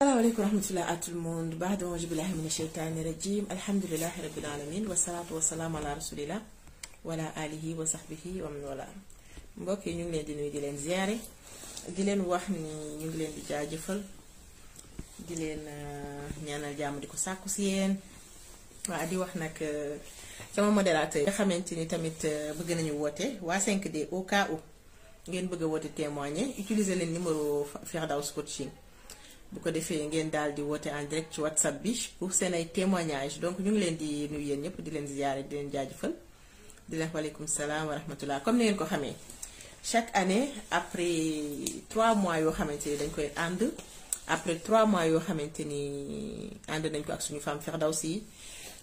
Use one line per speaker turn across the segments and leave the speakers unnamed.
salaamaaleykum rahmatullah à tout le monde baado auzu billahi mina sheytaani rajim alhamdulilahi rabbil alamin wasalaatu wasalaamu ala rasulillah wala alihi wa sahbihi wa man wala mbokk yi ñu ngi leen di nuyu di leen ziyaare di leen wax ni ñu ngi leen di jëfal di leen euh, ñaanal jàmm di ko sàkku si yéen waa di wax nag euh, sama modérateur nga xamante ni tamit euh, bëgg nañu woote waa 5D au cas où ngeen bëgg a woote témoigner utiliser leen numéro Firdaws Coaching bu ko defee ngeen daal di woote en direct ci whatsapp bi pour seen ay témoignages donc ñu ngi leen di nuyu yéen ñëpp di leen ziyaare di leen jaajëfal di leen waaleykum salaam wa rahmatullah comme ni ngeen ko xamee chaque année après 3 mois yoo xamante ni dañ koy ànd après mois yoo xamante ni ànd nañ ko ak suñu femme Firdawsi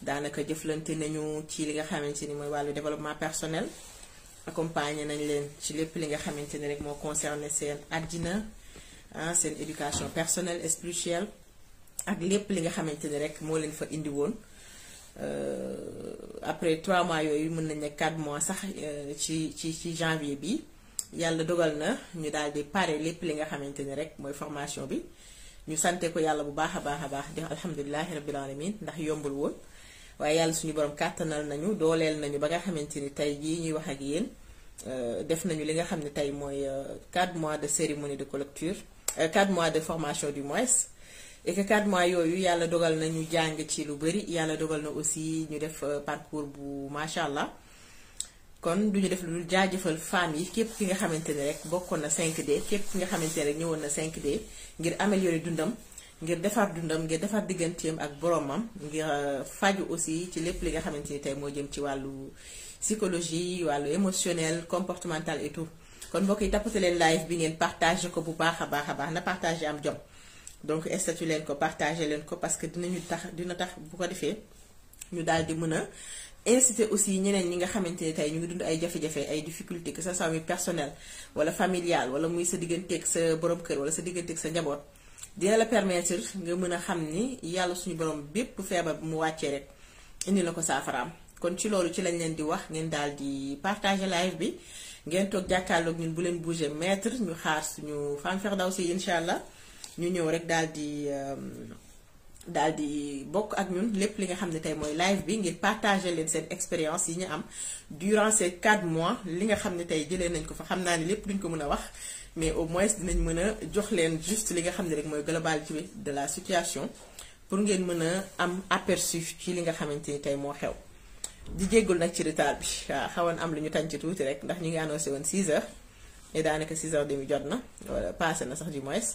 daanaka jëflante nañu ci li nga xamante ni mooy wàllu développement personnel accompagné nañ leen ci lépp li nga xamante ni rek moo concerné seen addina ah seen éducation personnelle et ak lépp li nga xamante ni rek moo leen fa indi woon euh, après 3 mois yooyu mën nañ ne 4 mois sax euh, ci ci ci janvier bi yàlla dogal na ñu daal di pare lépp li nga xamante ni rek mooy formation bi ñu sante ko yàlla bu baax a baax a baax di alhamdulilahi rabbil alamin ndax yombul woon waaye yàlla suñu borom kàttanal nañu dooleel nañu ba nga xamante ni tey jii ñuy wax ak yéen euh, def nañu li nga xam ne tey mooy 4 mois de cérémonie de collecture 4 euh, mois de formation du moins et que 4 yooyu yàlla dogal na ñu jàng ci lu bëri yàlla dogal na aussi ñu def euh, parcours bu macha allah kon duñu def lu dul jaajëfal femmes yi képp ki nga xamante ne rek bokkoon na 5D képp ki nga xamante ne rek ñëwoon na cinq d ngir améliorer dundam ngir defar dundam ngir defar digganteem ak boromam ngir euh, faju aussi ci lépp li nga xamante ni tey moo jëm ci wàllu psychologie wàllu émotionnel comportemental et kon mbokk yi tappate leen live bi ngeen partagé ko bu baax a baax a baax na partagé am jom donc statut leen ko partagé leen ko parce que dinañu tax dina tax bu ko defee ñu daal di mën a inciter aussi ñeneen ñi nga xamante ne tey ñu ngi dund ay jafe ay difficulté que ça soit wala familial wala muy sa digganteeg sa borom kër wala sa digganteeg sa njaboot dina la permettre nga mën a xam ni yàlla suñu borom bépp feebar bu mu wàccee rek indi la ko saafaraam kon ci loolu ci lañ leen di wax ngeen daal di partager live bi ngeen toog jàkkaarloog ñun bu leen bouger maitre ñu xaar suñu Fane Firdawsi incha allah ñu ñëw rek daal di euh, daal di bokk ak ñun lépp li nga xam ne tey mooy live bi ngir partager leen seen expérience yi ñu am durant ces mois li nga xam ne tey jëlee nañ ko fa xam naa ne lépp duñ ko mën a wax mais au moins dinañ mën a jox leen juste li nga xam ne rek mooy globalité de la situation pour ngeen mën a am aperçu ci li nga xamante ni tey moo xew. di jéggul nag ci retard bi waaw ah, xawoon am lu ñu tànc tuuti rek ndax ñu ngi annoncé woon 6 heures mais daanaka 6 heures demi jot na wala passé na sax di moins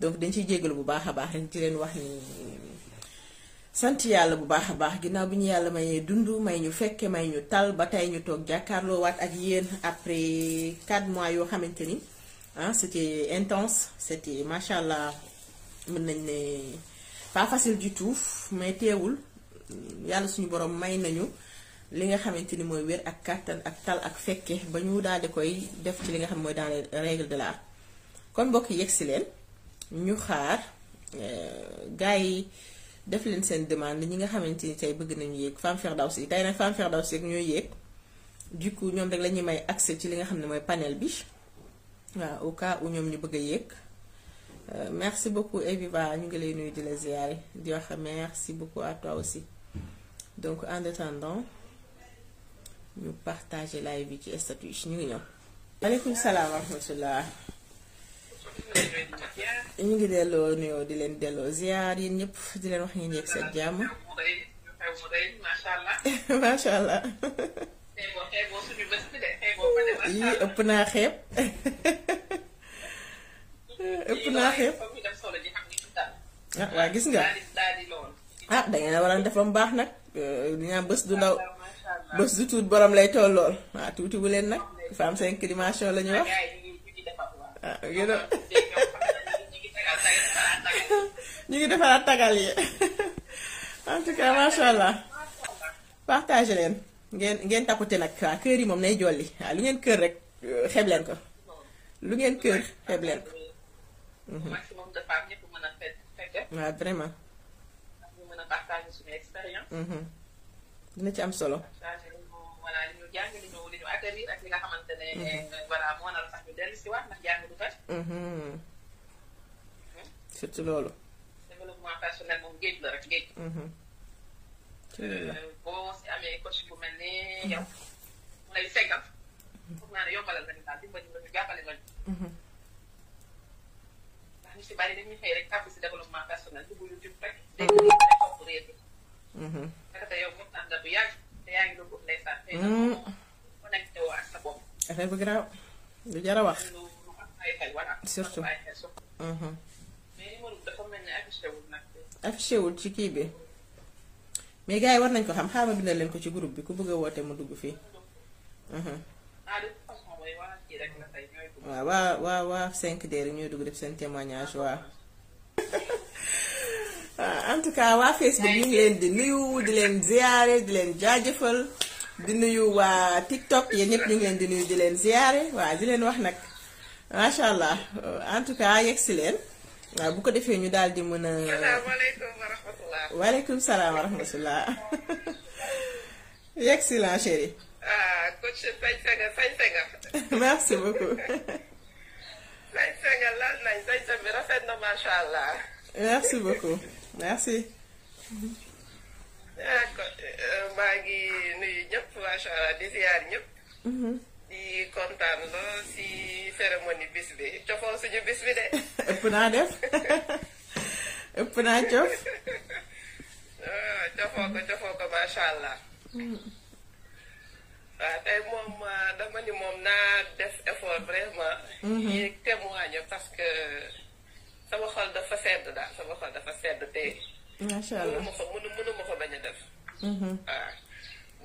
donc dañ ciy jéggalu bu baax a baax rek ci leen wax ni sant yàlla bu baax a baax ginnaaw bi ñu yàlla mayee dund may ñu fekke may ñu tal ba tey ñu toog jàkkaarloo waat ak yéen après 4 mois yoo xamante ni ah c'était intense c'était macha allah mën nañ ne pas facile du tout mais teewul yàlla suñu borom may nañu. li nga xamante ni mooy wér ak kàttan ak tal ak fekke ba ñu daal di koy def ci li nga xam mooy dans les règles de l'art kon mbokk yi si leen ñu xaar euh, gars yi def leen seen demande ñi nga xamante ni tey bëgg nañu yéeg Femme Firdawsi tey nag Femme Firdawsi ak ñooy yéeg du ñoom rek lañuy may accès ci li nga xam ne mooy panel bi waaw au cas ñoom ñu bëgg a yéeg euh, merci beaucoup Eviva ñu ngi lay nuyu di la ziyaare di wax merci beaucoup à toi aussi donc en ñu partagé live bi ci statut ñu ngi ñëw. maaleykum salaam wa ñu ngi delloo nuyoo di leen delloo ziar yi ñëpp di leen wax ngeen yegg seen jàmm. macha allah. yii ëpp naa xeeb.
ëpp naa xeeb.
ah waa gis nga. ah da ngeen a baax nag euh, dinaa bés du ndaw. bës du tuut borom lay tollool waaw tuuti bu leen nag dafa am cinq dimension la ñu wax ah ñu ngi defaraat ah, tagal yi en tout cas leen ngeen ngeen takkute nag waa kër yi moom nay jolli waaw lu ngeen kër rek euh, xeeb leen ko lu ngeen kër xeeb leen ko. Mhm.
maximum de femmes
vraiment. ñu dina ci am solo.
voilà mm-hmm. li ñu jàng li ñu li ñu atterrir ak li nga xamante ne. a sax ñu
dellu si waat ndax jàng du faj. surtout loolu. développement personnel moom géej la rek géej.
Mm-hmm. Euh,
boo si amee coach bu mel ne yow mu lay seggal. Mm-hmm. foog naa ne yombalal nga ni daal dimbali nga ñu jàppale
nga ñu. ndax ñu si bari dañuy xëy rek tàpp si développement personnel dugg YouTube rek dégg nga te yow mu ànd
bu lu jar a wax. surtout. mais dafa ni affiché ci kii bi mais gars yi war nañ ko xam xaaral ma bindal leen ko ci groupe bi ku bëggee a woote mu dugg fii. waaw waa waa waa 5D rek ñooy dugg def seen témoignage waa. en tout cas waa Facebook ñu ngi leen di nuyu di leen ziare di leen jaajëfal di nuyu waa TikTok yéen ñëpp ñu ngi leen di nuyu di leen ziare waa di leen wax nag macha allah en tout cas yegg leen waaw bu ko defee ñu daal di mën a.
salaamaaleykum wa rahmatulah.
waaleykum salaam wa rahmatulah. yegg si la chérie.
ah coach sañse nga sañse
merci beaucoup.
bi rafet na macha allah.
merci merci.
d'accord ah, euh, maa ngi
nuyu ñëpp macha allah di ziar ñëpp. Mhm. di kontaan lool si cérémonie bis bi cofoon suñu bis bi de.
ëpp naa def ëpp naa cof.
Ah, cofoo ko cofoo ko macha allah. waaw mhm. ah, tey moom dama ni moom naa def effort vraiment. Mhm. yéeg témoigne parce que. sama xol dafa sedd daal sama xol dafa sedd te. macha allah mënu ma ko mënu ma ko bañ a def. Mm-hmm. waaw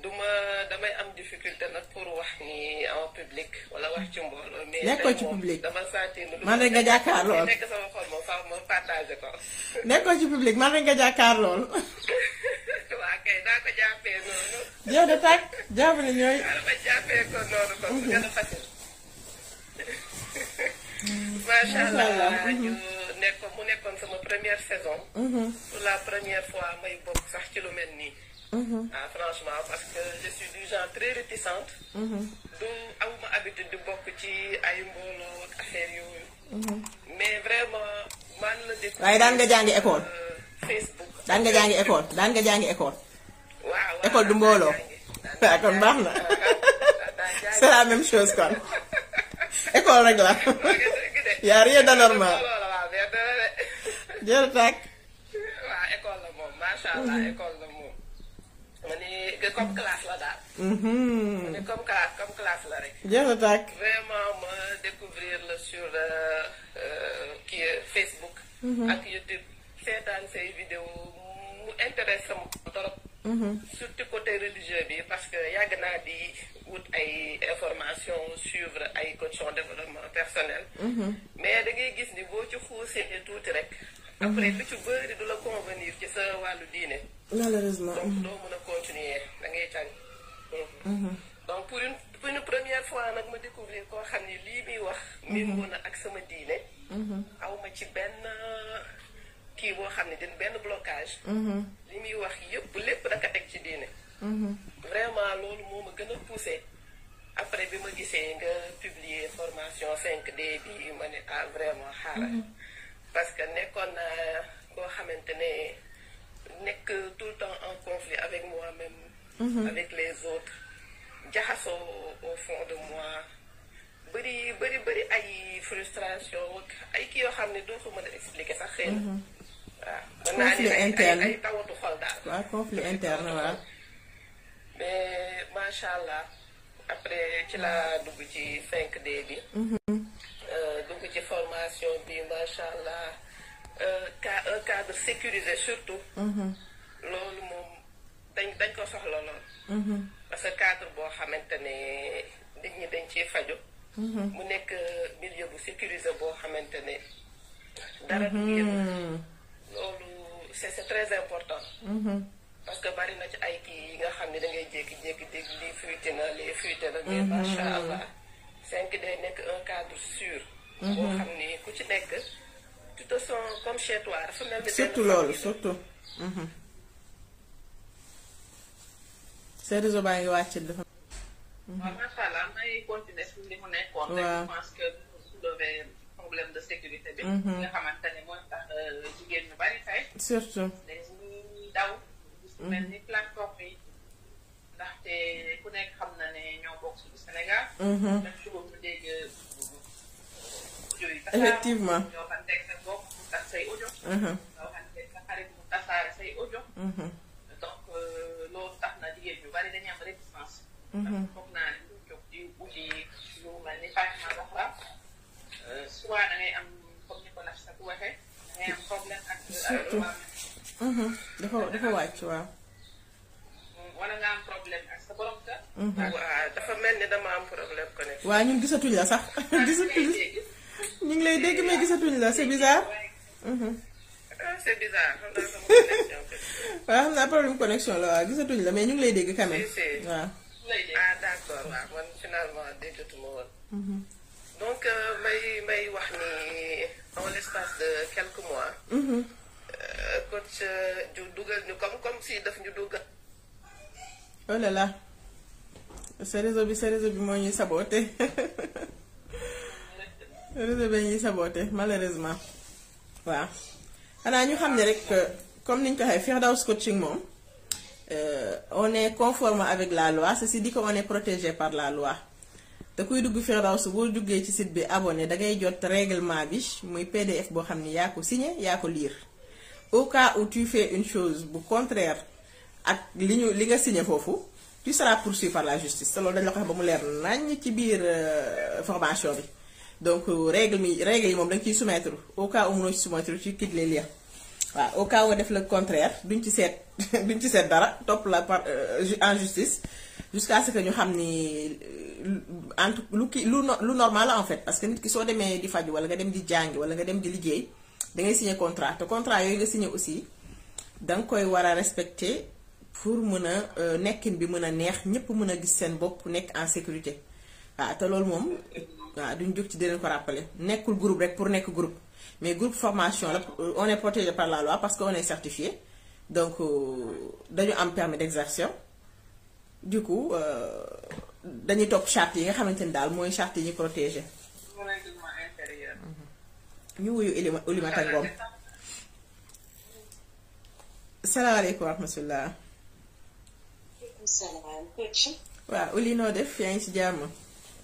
du ma
damay am difficulté nag pour wax ni en public wala wax ci mbooloo. mais nekkoo ci public dama sentir. man rek nga jàkkaar lool nekk ma partagé ko. nekkoo ci public man rek
waa kay naa ko jàppee noonu.
yow de tàkk jàpp ne ñooy.
Mm-hmm. a facile. macha allah ñu nekkoon mu nekkoon sama première saison. Mhm. pour la première fois may bokk sax ci lu mel nii. Mhm. ah franchement parce que je suis du genre mhm.
habitude di bokk ci ay mbooloo ak affaire yooyu.
mais vraiment man la déglu. waaye daan nga jàngi école. Euh, Facebook
daan nga jàngi école daan du mbooloo. waaw ah, kon baax na. c'est la même chose kon. école rek la yaa rien normal
jël tàkk école la moom macha école la moom ma ni comme classe la daal comme classe comme classe la rek jël tàkk vraiment ma découvrir la sur euh, euh, Facebook mm-hmm. ak YouTube seetaan say vidéo mu intéresse sama
trop mm-hmm. surtout côté religieux bi parce que yàgg naa di wut ay information suivre ay coach en développement
personnel mhm. mais da ngay gis ni boo ci xuusee tuuti rek après lu ci bëri du la convenir ci sa wàllu diine malheureusement donc mhm. doo mën a continuer da ngay tàng mhm. donc pour une pour une première fois nag ma découvrir koo xam ne lii muy wax
méngoo na ak sama diine aw ci benn kii boo xam ne din benn blocage li muy wax yëpp lépp da teg ci diine Mm-hmm. vraiment loolu
moo ma gën a poussé après bi ma gisee nga publier formation 5D bi ma ne ah vraiment xaaral. Mm-hmm. parce que nekkoon na koo
xamante ne nekk tout le temps en conflit avec moi-même. Mm-hmm. avec les autres jaxasoo au fond de moi bëri bëri bëri ay frustration ay kii yoo xam ne doo ko mën a expliquer sax xëy na. tawatu xol daal.
waaw conflit interne waaw. mais macha allah après ci laa dugg ci 5D bi.
Euh, dugg ci formation bi macha allah euh, un
cadre sécurisé surtout. loolu moom dañ dañ ko soxla lool. parce que cadre boo xamante ne nit ñi dañ ci faju mu nekk euh,
milieu bu sécurisé boo xamante ne. dara du yëngu. Hmm. loolu c'est très
important. parce que bari na ci ay kii yi nga xam ne dangay jékki-jékki dégg lii fuité na lii fuité na. mais mhm. macha allah 5D nekk un cadre mhm. ku ci nekk tu surtout
loolu surtout. Mhm. sa réseau ngi wàcc dafa.
nekkoon. waaw je de sécurité bi. nga xamante ni plateforme yi ndaxte ku nekk xam na ne ñoo bokk suñu Sénégal. Mhm.
Euh, effectivement ñoo mhm. mhm. euh, tax na jigéen ñu bari dañuy am résistance. ndax foog
euh, ngay am comme ni ko Nafisa waxee da ngay am
Mm-hmm. dafa dafa wàcc waaw.
wala nga am problème
mm-hmm. dafa mel ni dama am problème connexion. waaw ñun gisatuñ la sax gisatuñ ñu ngi lay dégg mais gisatuñ la c'est bizarre. Mm-hmm. Ah, c'est bizarre. waaw xam naa problème connexion la waaw gisatuñ la mais ñu ngi lay dégg quand même. waaw. ah d'accord waaw man finalement déggatuma woon.
Euh, may may wax ni en l'espace de quelques mois. coach ju euh, dugal ñu comme comme si daf ñu dugal.
oh là sa réseau bi sa réseau bi moo ñuy saboté réseau bi ñuy saboté malheureusement waa xanaa ñu xam ne rek comme niñ ko waxee Firdaws coaching moom euh, on est conforme avec la loi ceci dit di ko est protégé par la loi te kuy dugg Firdaws boo duggee ci site bi abonné da ngay jot règlement bi muy PDF boo xam ni yaa ko signé yaa ko lire. au cas où tu fais une chose bu contraire ak li ñu li nga signé foofu tu seras poursuivi par la justice te loolu dañ la ko wax ba mu leer naññ ci biir euh, formation bi donc euh, règle mi règle yi moom da nga ciy soumettre au cas où mënoo ci soumettre ci quitte les liens waaw au cas où def le contraire duñ ci seet duñ ci seet dara topp la par euh, en justice jusqu'à ce que ñu xam ni entre lu ki lu lu normal la en fait parce que nit ki soo demee di faju wala nga dem di jàngi wala nga dem di liggéey da ngay signé contrat te contrat yooyu nga signé aussi da nga koy war a respecter pour mën a euh, nekkin bi mën a neex ñëpp mën a gis seen bopp nekk en sécurité waaw te loolu moom waaw duñ jóg ci dinañ ko rappeler nekkul groupe rek pour nekk groupe mais groupe formation la euh, on est protégé par la loi parce que on est donc euh, dañu am permis d'exercer du coup dañuy topp charte yi nga xamante ni daal mooy chart yi ñu protégé. ñu wuyu Oulimata Ngom salaamaaleykum wa rahmatulah. waaw Ouli noo def yaa ngi ci jàmm.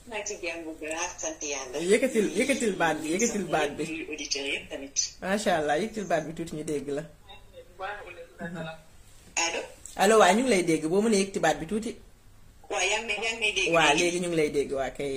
maa ngi ci jàmm yëkkatil yëkkatil baat bi yëkkatil baat bi. macha allah yëkkatil baat bi tuuti ñu dégg la. allo. allo ñu ngi lay dégg boo mënee yëkkati baat bi tuuti.
waaw yaa ngi may léegi ñu ngi
lay dégg waa kay.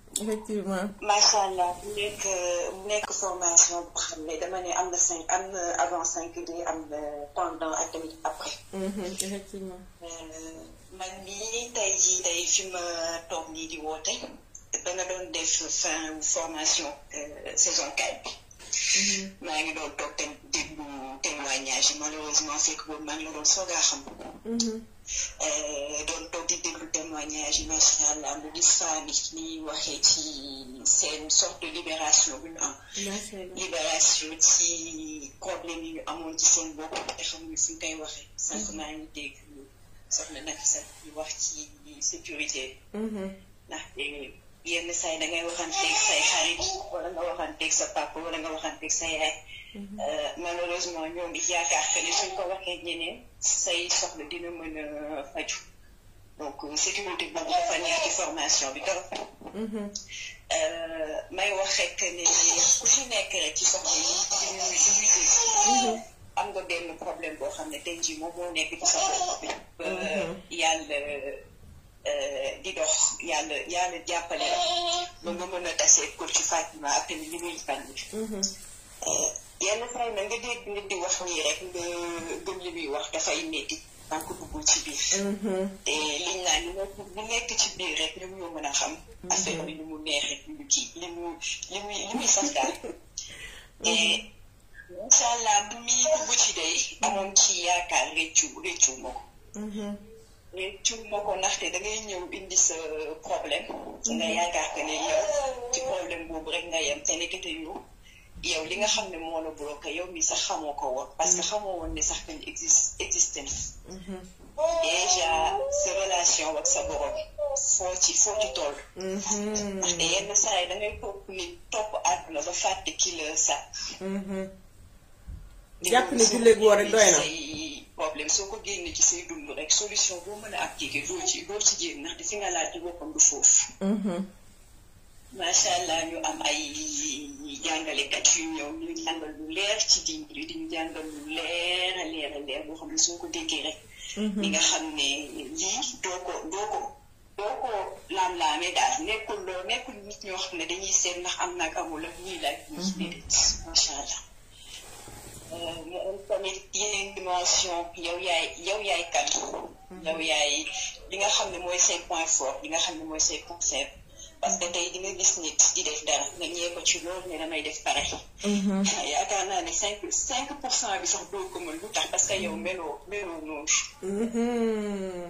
effectivement
macha allah bu nekk bu nekk formation boo xam ne dama ne am na cinq am na avant cinq jours am na pendant ak tamit après.
Mhm, effectivement. Euh, man mii tey jii tey fi ma toog di woote danga doon def fin formation euh, saison 4 mhm. maa ngi doon
toog tamit déglu témoignage malheureusement fekk boobu maa ngi doon soo a xam. Mhm. doon toog di déglu témoignage yi macha allah mu gis famille yi ñuy ci seen sorte de libération bu ñu am. libération ci problème yi ñu amoon ci seen bopp te xamuñu fu ñu koy waxee. sànq naa mm-hmm. ñu dégg soxna naka sax ñu wax ci sécurité. Mm-hmm. ndax yenn saa yi da ngay waxanteeg xarit wala nga waxanteeg sa papa wala nga waxanteeg sa yaay. Euh, malheureusement ñoo ngi yaakaar que ni suñ ko
waxee ñeneen say soxla dina mën a
faju donc euh, sécurité boobu dafa neex ci formation bi trop. Mhm. Euh, may wax rek ni ku ci nekk rek ci soxla yi mhm. am nga benn problème boo xam ne tey jii moom moo nekk ci soxla mhm. yàlla di dox yàlla yàlla jàppale la. ba nga mën a tasee ko ci Fatima ak tamit li muy fànn. yenn saa yi
nga dégg nit di wax nii rek nga gëm li muy wax dafay métti tant que duggul ci biir. Mhm.
liñ naan li nekk ci biir rek ñoom ñoo mën a xam. Mhm. affaire bi ni mu neexee li mu kii li mu li muy li muy dugg ci day amoon ci yaakaar réccu réccu ma ko. Mhm. réccu ma da ngay ñëw indi sa problème. nga yaakaar que ne yow ci problème boobu rek nga yem te nekkite yow. yow li nga xam ne moo la bloqué yow mi sax xamoo ko woon parce que mm-hmm. xamoo woon ne sax kañ existe na déjà sa relation ak sa borom foo ci foo ci toll mm-hmm. ndaxte yenn
saa yi topp nit topp àdduna ba fàtte ki la sax mm-hmm. jàpp ne julleeg woo rek doy na problème soo ko
génnee ci say dund rek solution boo mën a appliquer doo ci doo ci génn ndaxte fi nga laaj ci boppam
foofu macha allah ñu am ay
jàngalekat yu ñëw ñu jàngal lu leer ci diin bi di ñu jàngal lu leer a leer a xam ne soo ko déggee rek.
li mhm. nga xam
ne lii doo ko ndax am na ak amul ak mhm. euh, yow yaay yow yaay kan. Mhm. li nga xam ne mooy say point fort li nga xam ne mooy say concept. parce que tey di nga gis nit di def dara nga ñëwee ci loolu ne damay def pare. Mhm. Ah, yaakaar naa ne cinq cinq pour cent bi sax doo ko mën lu tax parce que yow mhm. meloo meloo noonu.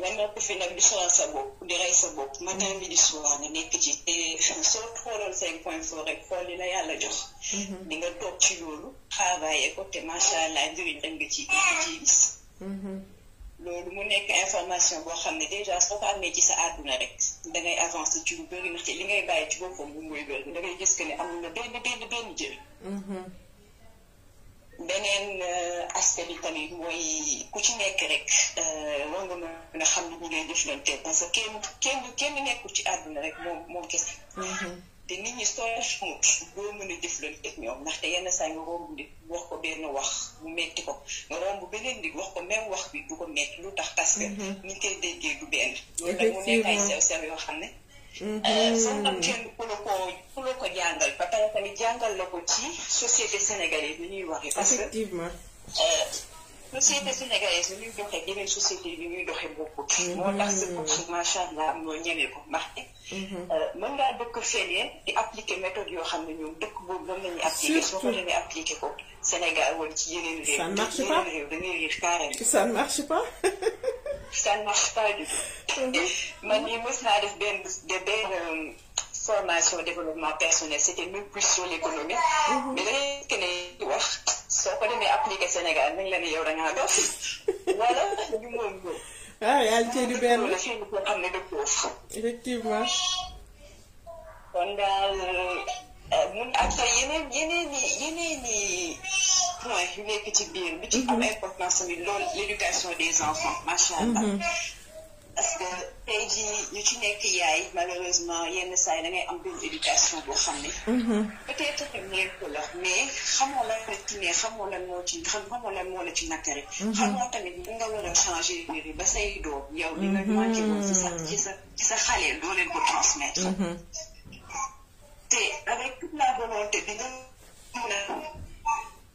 mën na ko fi nag di soxla sa bopp di rey sa bopp matin bi di nekk ci te soo xoolal cinq point four rek xool li la yàlla jox. Mhm. di nga toog ci loolu travailler côté te macha allah njëriñ da nga ci ci gis. loolu mu nekk information boo xam ne déjà soo ko amee ci sa adduna rek da ngay avancer ci lu bëri ndax ci li ngay bàyyi ci boppam bu mu bëri da ngay gis que ne amul na benn benn benn jël. Mm-hmm. beneen euh, aspect bi tamit mooy ku ci nekk rek euh, war na mën a xam ni ñu ngay parce que kenn kenn kenn nekkul ci àdduna rek moom moom kese. Mm-hmm. te nit ñi soo xamut doo mën a jëflante ak ñoom ndaxte yenn saa nga romb nit wax ko benn wax mu metti ko nga romb beneen nit wax ko même wax bi du ko metti lu tax parce que mhm. ni koy déggee du benn
loolu nag mu nekk ay sew
sew yoo xam ne mhm. euh, soo am kenn
ku la ko ku la ko jàngal ba pare tamit jàngal la ko ci société sénégalaise bi ñuy waxee parce que société sénégalaise bi muy doxee yeneen société bi muy doxee bokkut. moo tax sa coach macha allah moo ñemee ko marqué. mën ngaa dëkk feneen di appliquer méthode yoo xam ne ñoom dëkk boobu lan la ñuy appliquer. surtout ko demee appliquer ko Sénégal wala ci yeneen réew. ça ne marche pas yeneen réew da ngay réer carrément. ça ne marche pas. ça ne marche pas du tout. man mii mos benn de benn. formation développement personnel c'était même plus sur l'économie mhm. mais da ngay gis ne di soo ko demee appliqué Sénégal nañ la ne yow da ngaa dof wala
ñu moom ñoom. waaw ah, yàlla cee di benn la fii ko xam ne de foofu. effectivement. kon daal euh, mun ak yeneen yeneen i
yeneen i points yu nekk am mhm. importance tamit loolu l' éducation des enfants macha allah. Mhm. parce que tey jii ñu ci nekk yaay malheureusement yenn saa yi da ngay am benn boo xam ne. Mhm. peut-être ñeent ko la mais xamoo lan la ci ne xamoo lan moo ci xamoo lan moo ci nattare. Mhm. xamoo tamit li nga war a changer mbir yi ba say doom yow li nga mhm. manqué woon ci sa ci sa ci la volonté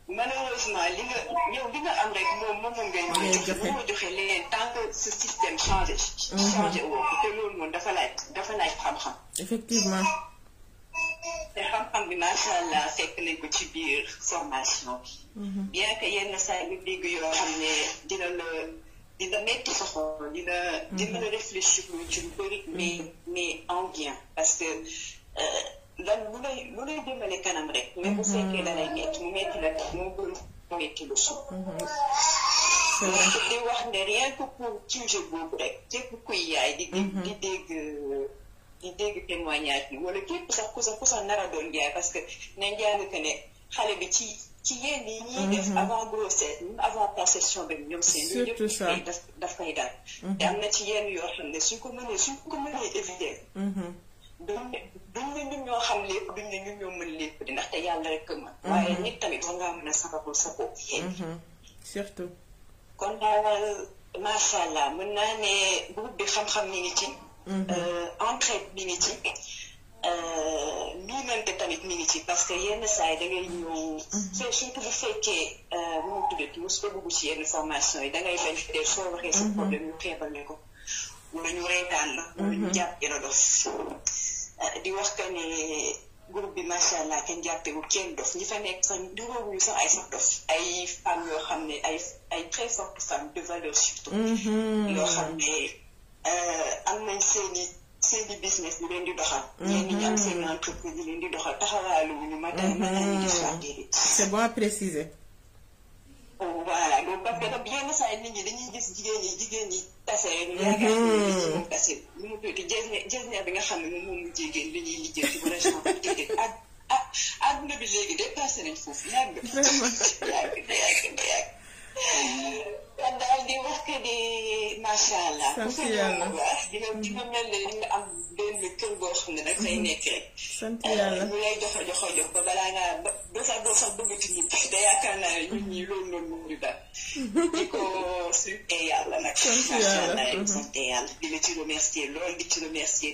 malheureusement li nga yow li nga am rek moom moom moom ngay mën a joxe mënoo joxe leneen tant que ce
système changé. Mhm. changé woo ko te loolu moom dafa laaj dafa laaj xam-xam. effectivement.
te xam-xam bi macha allah fekk nañ ko ci biir formation bi. Mhm.
bien que yenn saa yu dégg yoo xam ne dina la dina metti sa xol dina. dina mhm. la réfléchir ci lu bëri mais mais en bien parce que. Euh, lan lu lay lu kanam rek. mais bu mhm. fekkee da lay mu métti la tax moo gën mu métti lu suuf. Mhm. di wax ne rien que pour sujet boobu rek képp kuy yaay. di dégg mhm. témoignage bi wala képp sax ku sax ku sax nar doon yaay parce que ne njàng que ne xale bi ci ci yenn yi ñuy def avant grossesse avant conception bi ñoom seen ñu ñëpp daf daf koy daal. te am na ci yenn yoo xam ne suñ ko mënee suñ ko mënee éviter. donc duñ ne ñun ñoo xam lépp duñ ne ñun ñoo mën lépp yàlla rek ko mën. Mm-hmm. waaye nit tamit war ngaa mën a sababul sa mm-hmm. kon daal allah mën naa ne bi xam-xam mi ngi mm-hmm. euh, euh, tamit mi ngi ci parce que yenn saa yi da ngay ñëw. surtout bu fekkee nu euh, mu tuddati mos ko dugg yenn formation yi da ngay bañ te soo waxee problème ñu xeebal ne ko. wala ñu reetaan la. ñu jàpp gën a dof. Eh, di wax que ni
groupe bi macha allah kenn jàppewul kenn dof ñi fa nekk sax duróowuñu sax ay sax dof ay femmes yoo xam ne
ay ay très fortes femmes de valeur surtout mm-hmm. yoo xam ne eh, am nañ seeni seeni business di leen di doxal mm-hmm. ñeen ñi am seeni entreprise di leen di doxal taxawaalu wuñu matin matin ñi di soir mm-hmm.
c'est bon à préciser
loolu parce que yenn saa yi nit ñi dañuy gis jigéen ñi jigéen ñi tafe ñu yaakaar mhm. ne ci moom kese lu mu tuuti jeexñaa bi nga xam ne moom moom mu jéegéen li ñuy liggéey ci bu région déedéet ak ah adduna bi léegi dépassé nañ foofu yàgg yàgg yàgg yàgg kon daal di wax que ni macha allah. sant yàlla di nga di nga mel ne di nga am benn kër ne nag fay mm. nekk rek.
sant euh,
lay jox jox jox ba balaa ngaa ba doo sax doo sax bëggati ñibbi te yaakaar naa ne ñun ñii mm. loolu noonu moo ñu di ko sant yàlla
nag. sant yàlla mm-hmm. sant di la ci lool di ci remercier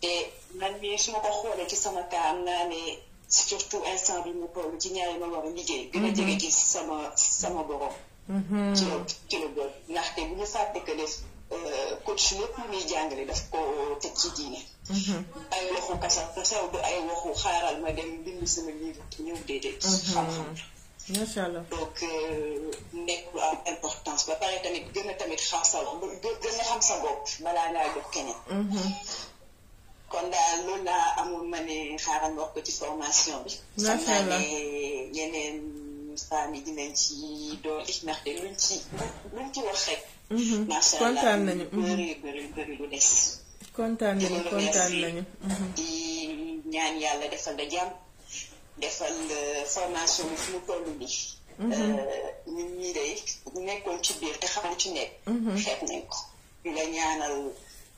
te man mii su ma ko xoolee ci sama cas am naa ne surtout instant bi mu toll ci ñaari ma war a liggéey. gën a jege ci sama sama borom. ci la ci la doon ndaxte bu ñu fàtte que def coach lépp lu muy jàngale daf ko teg ci diine. Mm-hmm. ay waxu kasaw kasaw du ay waxu xaaral ma dem bind sama livre ñëw déedéet. xam-xam.
macha allah donc euh,
nekk lu am importance ba pare tamit gën a tamit xam sa bopp balaa ngaa jox keneen.
Mm-hmm. kon daal loolu laa amul ma ne xaaral wax ko ci formation bi. macha allah xam naa ne yeneen saa
mi dinañ ci dooli ndaxte luñ ci luñ ci wax rek.
Mm-hmm. kontaan nañu lu des. kontaan nañu mm-hmm.
ñaan yàlla defal la jàmm. defal
formation bi fi mu
nekkoon ci biir te xam mu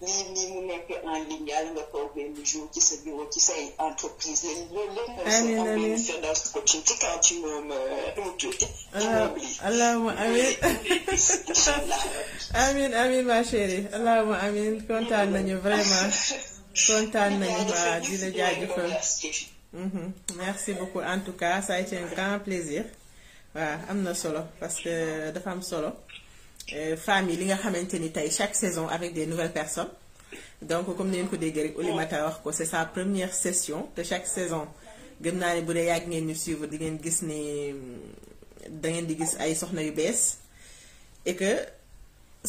en ligne yàlla ci
ci say entreprise lañ ci
ci kaw ci moom
allahuma amin amin ma chérie allahuma amin kontaan nañu vraiment kontaan nañu waa di la Mm-hmm. merci beaucoup en tout cas ça a été un grand plaisir waaw am na solo parce que dafa am solo euh, femmes yi li nga xamante ni tey chaque saison avec des nouvelles personnes donc comme ni ngeen ko déggee rek Oulimata wax ko c'est sa première session te chaque saison gëm naa ne bu dee yàgg ngeen ñu suivre di ngeen gis ni mm, da ngeen di gis ay soxna yu bees et que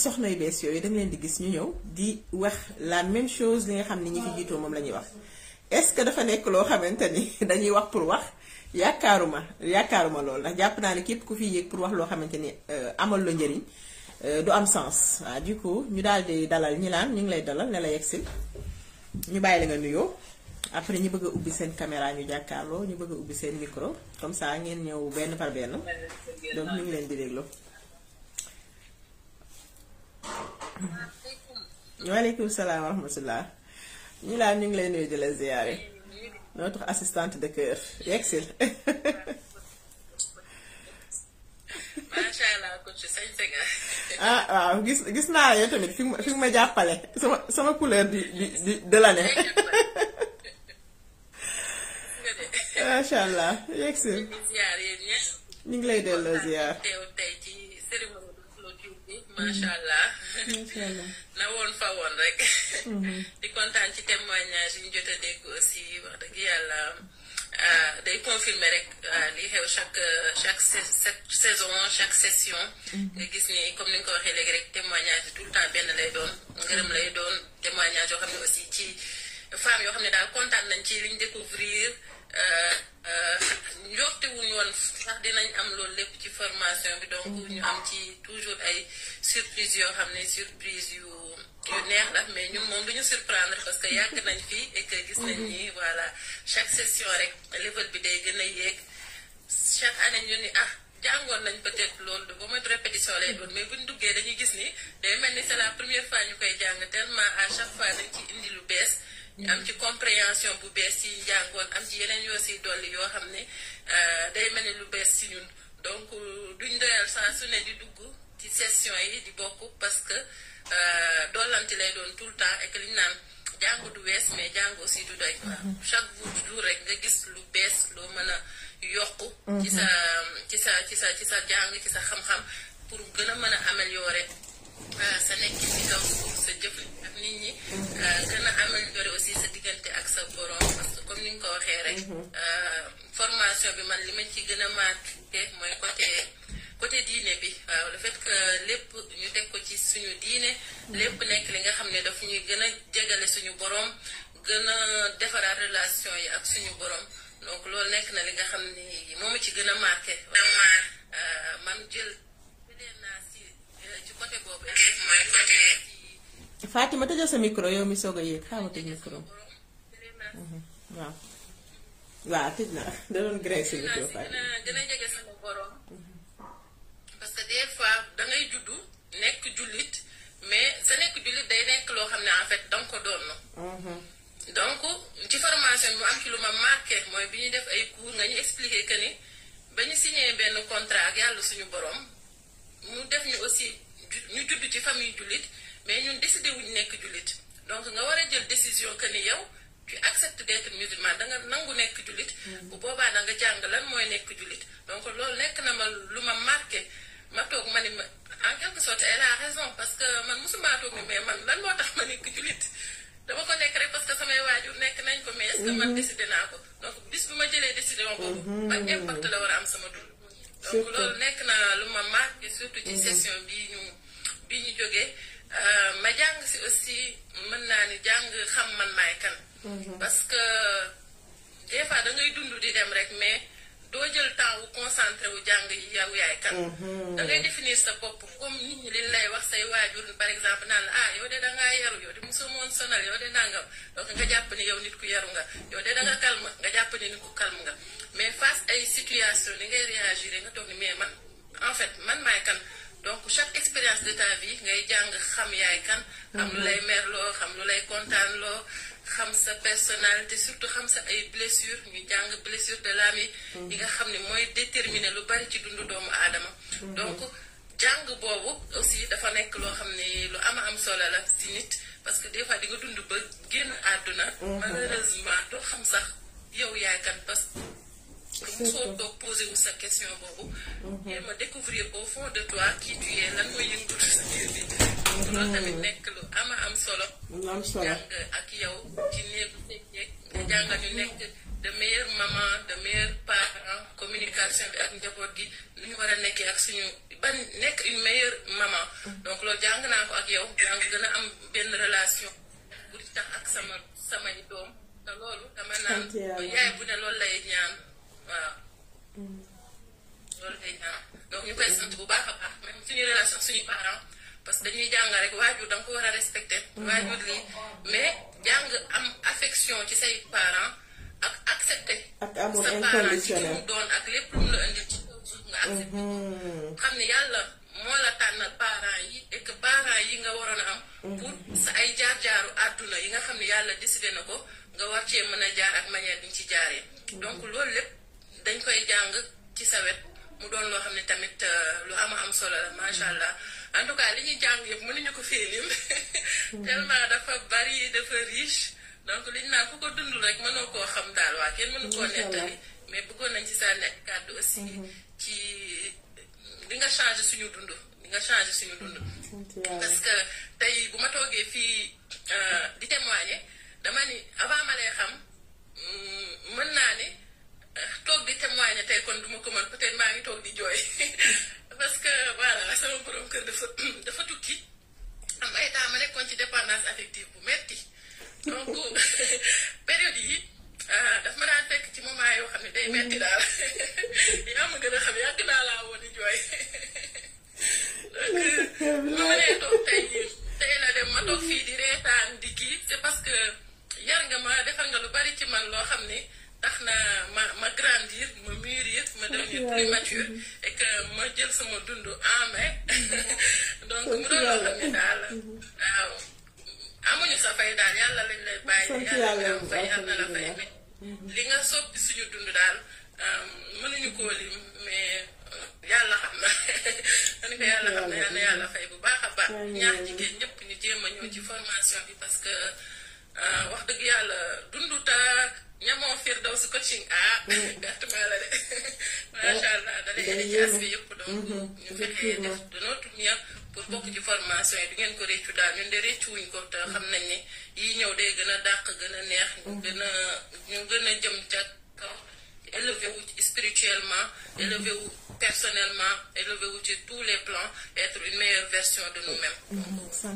soxna yu bees yooyu da leen di gis ñu ñëw di wax la même chose li nga xam ni ñi fi jiitoo moom la ñuy wax. est-ce que dafa nekk loo xamante ni dañuy wax pour wax yaakaaruma yaakaaruma loolu ndax jàpp naa ne képp ku fi yéeg pour wax loo xamante ni euh, amal la njëriñ euh, du am sens waaw du coup ñu daal di dalal ñi laan ñu ngi lay dalal ne la yegsil ñu bàyyi la nga nuyoo après ñu bëgg a ubbi seen caméra ñu jàkkaarloo ñu bëgg a ubbi seen micro comme saa ngeen ñëw benn par benn donc ñu leen di déglu. waaleykum salaam wa ñu laa ñu ngi lay nuyu di la ziyaare notre assistante de cœur yegsil macha ah waaw gis gis naa yow tamit fi fi ma jàppale sama sama couleur di di di de l'année macha allah yegsil ñu ngi lay delloo ziyaar
macha allah. macha na woon fa woon rek. Mhm. di kontaan ci témoignage yi ñu jot a dégg aussi wax dëgg yàlla ah, day confirmer rek ah, li xew chaque chaque saison chaque session. Mhm. nga gis ni comme ni nga ko waxee léegi rek témoignage tout le temps benn lay doon ngërëm lay doon témoignage yoo xam ne aussi ci femmes yoo xam ne daal kontaan nañ ci liñ découvrir. njortewuñ euh, euh, woon sax dinañ am loolu lépp ci formation bi donc mm-hmm. ñu am ci toujours ay surprise yoo xam ne surprise yu yu neex la mais ñun moom du ñu surprendre parce que yàgg nañ fii et gis nañ ni mm-hmm. voilà chaque session rek level bi day gën a yéeg chaque année ñu ni ah jàngoon nañ peut lool loolu ba moytu répétition lay doon mais buñ duggee dañuy gis ni day mel ni c'est la première fois ñu koy jàng tellement à chaque fois dañ ci indi lu bees am ci compréhension bu bees ci njàngoon am ci yeneen yoo si dolli yoo xam ne euh, day mel ni lu bees si ñun donc duñ doyal saa su ne di dugg ci session yi di bokk parce que euh, dollante lay doon tout le temps et que liñ naan jàngu du wees mais jàngu aussi du doy. Mhm. chaque jour rek nga gis lu bees loo mën a yokk. ci mhm. sa ci sa ci sa ci sa jàng ci sa xam-xam pour gën a mën a améliorer. Euh, sa nekk ci kaw suuf sa jëf nit ñi euh, gën a améliorer aussi sa diggante ak sa borom parce que comme ni nga ko waxee rek mhm. euh, formation bi man li ma ci gën a marqué mooy côté côté diine bi waaw le fait lépp ñu teg ko ci suñu diine lépp nekk li nga xam ne daf ñuy gën a jegale suñu borom gën a defaraat relation yi ak suñu borom donc loolu nekk na li nga xam ni moom ci gën a marqué man jël naa ci côté boobu mooy côté.
Fatima tëjal sa micro yow mi soog mhm, a yéeg xaaral mhm. ma waaw. waaw tëj na da doon graisse
gën a jege sama borom. parce que des fois da ngay juddu nekk jullit mais sa nekk jullit day nekk loo xam ne en fait da nga ko doon. donc ci formation mu am ci lu ma marqué mooy bi ñuy def ay cours nga ñu expliqué que ni ba ñu signé benn contrat ak yàlla suñu borom mu def ñu aussi. ñu judd ci famille jullit mais ñun décidé wuñ nekk jullit donc nga war a jël décision que ni yow tu acceptes d'être musulman da nga nangu nekk jullit. Mm. bu boobaa da nga lan mooy nekk jullit loolu nekk na ma lu ma marqué ma toog ma ni ma en quelque sorte elle a raison parce que man musuma toog ni mais man lan moo tax ma nekk jullit dama ko nekk rek parce que samay waajur nekk nañ ko mais est-ce que man mm-hmm. décidé naa ko donc bis bu ma jëlee décision boobu. Mm-hmm. ban impact la war a am sama dund. donc loolu nekk na lu ma marqué surtout ci mm-hmm. session bi ñu jógee euh, ma jàng si aussi mën naa ni jàng xam man maay kan. Mhm. parce que des fois da ngay dund di dem rek mais doo jël temps wu concentré wu jàng yow yaay kan. Mhm. da ngay définir sa bopp comme nit ñi liñ lay wax say waajur par exemple naan la ah yow de da yaru yow de mosoo moon sonal yow de nangam donc nga jàpp ni yow nit ku yaru nga yow de da nga calme nga jàpp nit ku calme nga mais face ay situation ni ngay réagir nga toog ni mais man en fait man maay kan. donc chaque expérience de ta vie ngay jàng xam yaay kan. xam lu mhm. lay merloo xam lu lay loo xam sa personnalité surtout xam sa ay blessures ñu jàng blessure de l'âme mhm. yi nga xam ne mooy déterminer lu bari ci dundu doomu aadama. Mhm. donc jàng boobu aussi dafa nekk loo xam ne lu am am solo la si nit parce que des fois di nga dund ba génn àdduna. malheureusement doo xam sax yow yaay kan parce que. musoo toog posé sa question boobu. ngir ma découvrir au fond de toi qui tu lan mooy yëngu sa biir bi. Mhm. nekk am am solo
euh, ak yow ci néeg yeeg nga jàngal ñu nekk de meilleure maman
de meilleur parent communication bi ak njaboot gi lu ñu war a nekkee ak suñu ban nekk une meilleure maman. Mhm. donc loolu jàng naa ko ak yow jàng am benn relation bu di tax ak sama samay doom te loolu dama naan yaay bu ne loolu lay ñaan. waaw. loolu day dara ah. donc ñu koy sant bu baax a baax même suñu relation suñu parents parce que dañuy jàng rek waajur da nga ko war a respecté. waajur lii mais jàng am affection ci say parent ak accepté. ak sa parent doon ak lépp lu mu ci suuf
mm-hmm.
xam ne yàlla moo la tànnal parents yi et que yi nga waroon a am. pour mm-hmm. sa ay jaar-jaaru àdduna yi nga xam ne yàlla décidé na ko nga war cee mën a jaar ak manière bi ñu ci jaaree. Mm-hmm. donc loolu lépp. dañ koy jàng ci sawet wet mu doon loo xam ne tamit euh, lu ama am solo la macha mm-hmm. allah en tout cas li ñuy jàng yëpp mënuñu ko fii lim mm-hmm. tellement dafa bari dafa riche donc liñ naan ku ko dund rek mënoo koo xam daal waa kenn mënu koo nettali mais bëggoon nañ ci sa nekk kàddu aussi mm-hmm. ci li nga changé suñu dund li nga changé suñu dund parce tey bu ma toogee fii euh, di témoigner dama ni avant ma lay xam mm, mën naa ni toog di témoigner tey kon duma ko mën peut maa ngi toog di jooy parce que voilà sama borom kër dafa dafa tukki am ay temps ma nekkoon ci dépendance affective bu metti donc période yi ah, daf ma daan fekk ci moment yoo xam ne day metti mm-hmm. daal yaa ma gën a xam yàgg naa laa woon di jooy donc ma nee toog tey tey la dem ma toog fii di reetaan di kii c'est parce que yar nga ma defal nga lu bari ci man loo xam ne tax na ma ma grandir ma mûrir ma devenir plus mature mm-hmm. et que ma jël sama dund en main mm-hmm. donc mu doon daal waaw amuñu sa fay daal yàlla lañ lay bàyyi yàlla yàlla la fay mm-hmm. li nga soppi suñu dund daal euh, mënuñu koo lim euh, yàlla xam na man ko yàlla xam na yàlla yàlla bu baax a baax ñaar jigéen ñëpp ñu jéem ñëw ci formation bi parce que Euh, wax dëgg yàlla dundu ta ñamoo fiir daw si coaching ah. Mm. gàtt maa la de oh, macha allah da lay indi ci aspect yëpp mm-hmm, ñu fexee def de notre pour bokk ci formation yi du ngeen ko réccu daal ñun de réccu wuñ ko te mm. xam nañ ni yii ñëw day gën a dàq gën a neex. ñu mm. gën a ñu gën a jëm ca kaw. élevé wu spirituellement élevé wu personnellement élevé wu ci tous les plans être une mm-hmm. mm-hmm.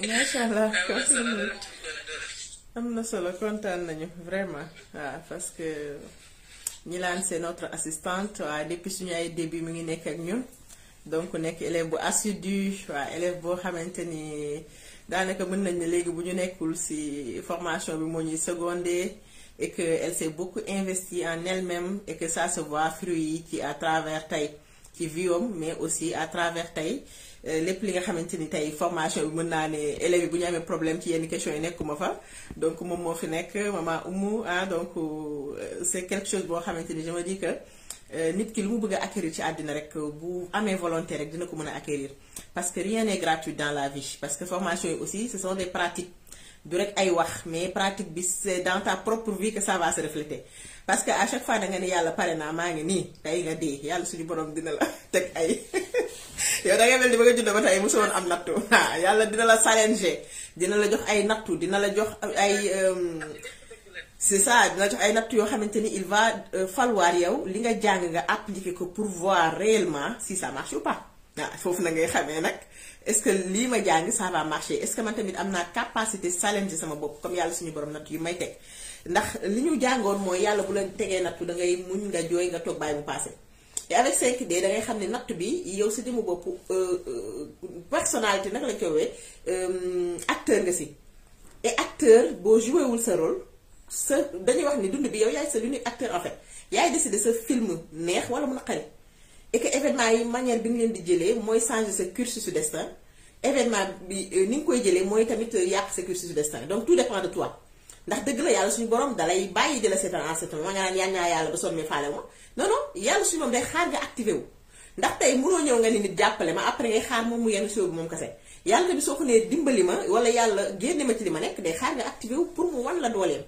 macha allah am na solo kontaan nañu vraiment waaw ah, parce que Gnilane c'est notre assistante waaw ah, depuis suñu ay début mu ngi nekk ak ñun donc nekk élève bu assidu waaw élève boo xamante ni daanaka mën nañ ne léegi bu ñu nekkul ci formation bi moo ñuy secondé et qu'elle s'est beaucoup investie en elle-même et que ça se voit fruit yi ci à travers tey ci viom mais aussi à travers tey euh, lépp li nga xamante ni tey formation yu mën naa ne élèves yi bu ñu amee problème ci yenn questions yi nekkuma fa donc moom moo fi nekk maman Oumou ah, donc euh, c'est quelque chose boo xamante ni je me dis que euh, nit ki lu mu bëgg a acquérir ci àddina rek bu amee volonté rek dina ko mën a acquérir parce que rien n'est gratuit dans la vie parce que formation du rek ay wax mais pratique bi c'est dans ta propre vie que ça va parce que à chaque fois da nga ne yàlla pare naa maa ngi nii tey nga dee yàlla suñu borom dina la teg ay yow da nga mel ni ba nga juddoo ba tey mosu woon am nattu ah yàlla dina la challenger dina la jox ay nattu dina la jox ay. Euh, c'est ça dina jox ay nattu yoo xamante ni il va euh, falloir yow li nga jàng nga appliquer ko pour voir réellement si ça marche ou ah, foofu na ngay xamee nag. est-ce que lii ma jàng ça va marcher est-ce que man tamit am na capacité challenge sama bopp comme yàlla suñu borom natt yu may teg ndax li ñu jàngoon mooy yàlla bu leen tegee nattu da ngay muñ nga jooy nga toog bàyyi bu passé et avec 5D da xam ne natt bi yow si jëmu bopp euh, euh, personnalité nag lañ koy woowee euh, acteur nga si et acteur boo joué wul sa rôle sa dañuy wax ni dund bi yow yaay sa lu ñuy acteur en fait yaay décidé sa film neex wala mu naqari et que événement yi manière bi nga leen di jële mooy changer sa cursus su destin événement bi euh, ni nga koy jëlee mooy tamit euh, yàq sa cursus su destin donc tout dépend de toi ndax dëgg la yàlla suñu borom dalay bàyyi di la seetaan en certain moment nga naan yaan naa yàlla ba sonn mais ma non yàlla suñu moom day xaar nga activé wu ndax tey mënoo ñëw nga ni jàppale ma après ngay mu yenn show bi moom kase yàlla tamit soo ko nee dimbali ma wala yàlla génne ma ci li ma nekk day xaar nga activé wu pour mu wan la dooleem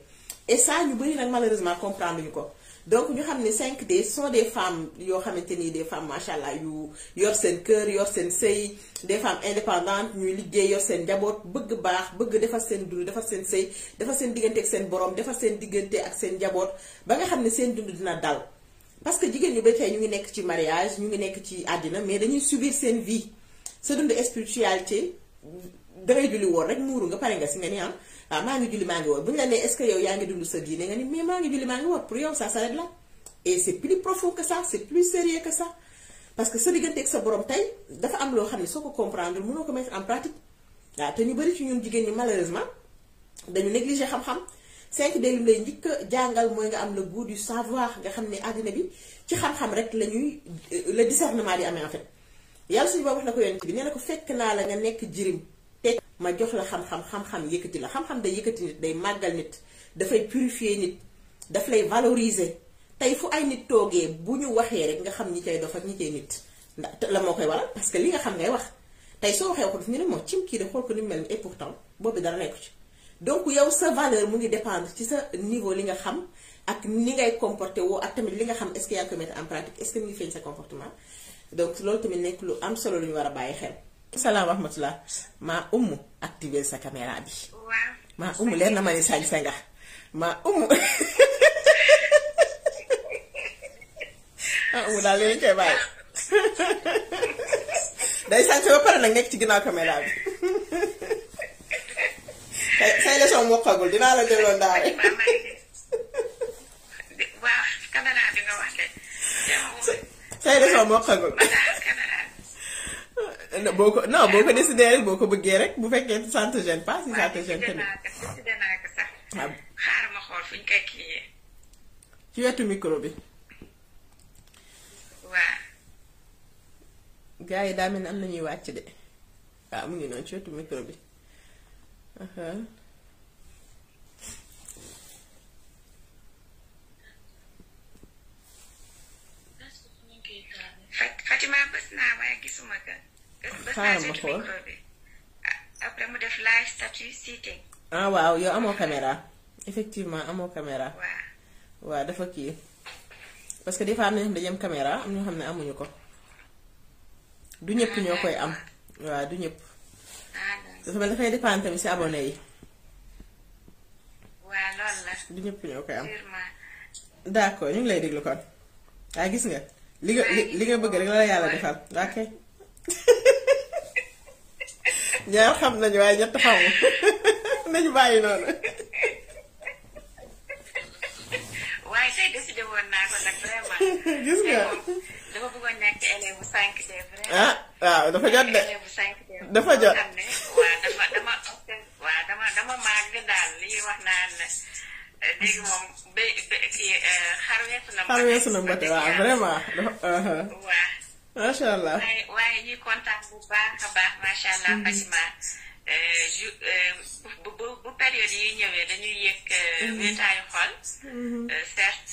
et ñu bëri nag malheureusement comprendre ñu ko donc ñu xam ne cinq d so des femmes yoo xamante ni des femmes macha allah yu yor seen kër yor seen sëy des femmes indépendantes ñuy liggéey yor seen njaboot bëgg baax bëgg defal seen dund defar seen sëy defar seen diggante ak seen borom defal seen diggante ak seen njaboot ba nga xam ne seen dund dina dal. parce que jigéen ñu ba tey ñu ngi nekk ci mariage ñu ngi nekk ci àddina mais dañuy subir seen vie sa dund spiritualité dangay julli woon rek muuru nga pare nga si nga ni ah. ah maa ngi julli maa ngi woor bu ñu la nee est-ce yaa ngi dund sa diine nga ni mais maa ngi julli maa ngi woor pour yow ça s'arrête là et c'est plus profond que ça c'est plus sérieux que parce que sa diggante ak sa borom tey dafa am loo xam ne soo ko comprendre mënoo ko mettre en pratique waaw ah, te ñu bari ci ñun jigéen ñi malheureusement dañu négliger xam-xam cinq day lay njëkk jàngal mooy nga am la goût du savoir nga xam ne àddina bi ci xam-xam rek la ñuy euh, le discernement di amee en fait yàlla suñu boo wax na ko yoon bi nee na naa la nga nekk jirim ma jox la xam-xam xam-xam yëkkati la xam-xam day yëkkati nit day màggal nit dafay purifier nit daf lay valoriser tey fu ay nit toogee bu ñu waxee rek nga xam ni cay dof ak ñi nit ndax la moo koy waral parce que li nga xam ngay wax tey soo waxee waxu daf ñu ne moo cim kii de xool ko ni mu mel ni et boobu dara nekku ci donc yow sa valeur mu ngi dépendre ci sa niveau li nga xam ak ni ngay comporté woo ak tamit li nga xam est-ce que yaa koy sa comportement donc loolu nekk lu am solo lu ñu war a bàyyi xel salaam rahmatullah maa umu activer sa caméra bi. maa umu leer ma ne sañse nga maa umu. maa umu daal léegi koy day sañse ba pare nag nekk ci ginnaaw caméra bi say say leçon mokkagul boo ko non boo ko décidé boo ko bëggee rek bu fekkee ça te gêne pas si ça ah. ci wetu micro bi. waaw. yi daa mel ni am na ñuy wàcc de waaw mu ngi noonu ci wetu micro bi.
xaaral ma xool
ah waaw yow amoo caméra effectivement amoo caméra waaw dafa kii parce que des fois am na ñoo xam ne amuñu ko ñëpp ñoo koy am waaw du ñëpp dafay dépendre tamit ci abonné yi du ñëpp ñoo koy am d'accord ñu ngi lay déglu kon waaye gis nga li nga li nga bëgg rek la la yàlla defal ok ñaar xam nañu waaye ñett xamul nañu bàyyi noonu.
woon gis nga dafa bëggoon nekk élève bu ah
waaw dafa jot de.
dafa jot waaw dama dama waaw daal li wax naan léegi moom ba kii euh, na. xar na
mbate vraiment. Uh-huh. waaw. macha allah waaye
waaye ñuy kontaan bu baax a baax macha allah mm-hmm. Fatima. Euh, ju euh, bu bu période yi ñëwee dañuy yëg euh, mm-hmm. wéetaayu xol. Mm-hmm. certes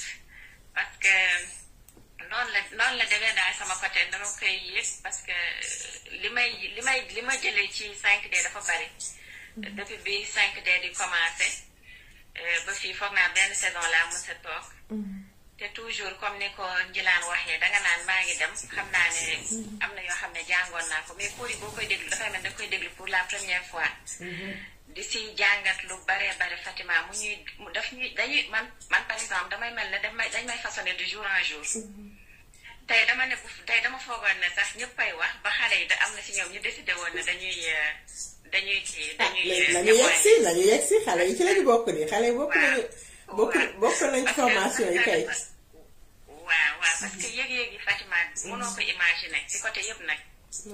parce que noonu la noonu la demee daal sama côté dama koy yëg parce que li may li may li ma jëlee ci 5D dafa bari. depuis bi 5D di commencé ba fii foog naa benn saison laa mos a te toujours comme ni ko Njilaan waxee danga naan maa ngi dem xam naa ne am na yoo xam ne jàngoon naa ko mais pour yi boo koy déglu dafay mel da koy déglu pour la première fois. Mm-hmm. di si jàngat lu baree bare Fatima mu ñuy def ñuy dañuy man man par exemple damay mel ne dañ may dañ may façonné de jour en jour. Mm-hmm. tey dama ne tey dama foogoon ne sax ñëppay wax ba xale yi da am na si ñoom ñu décidé woon ne dañuy euh, dañuy ah, dañuy dañuy yegg si
dañuy xale yi ci lañu
waaw waaw parce que mm-hmm. yëg-yëg yi Fatima mënoo ko mm-hmm. imaginer ci côté yëpp nag.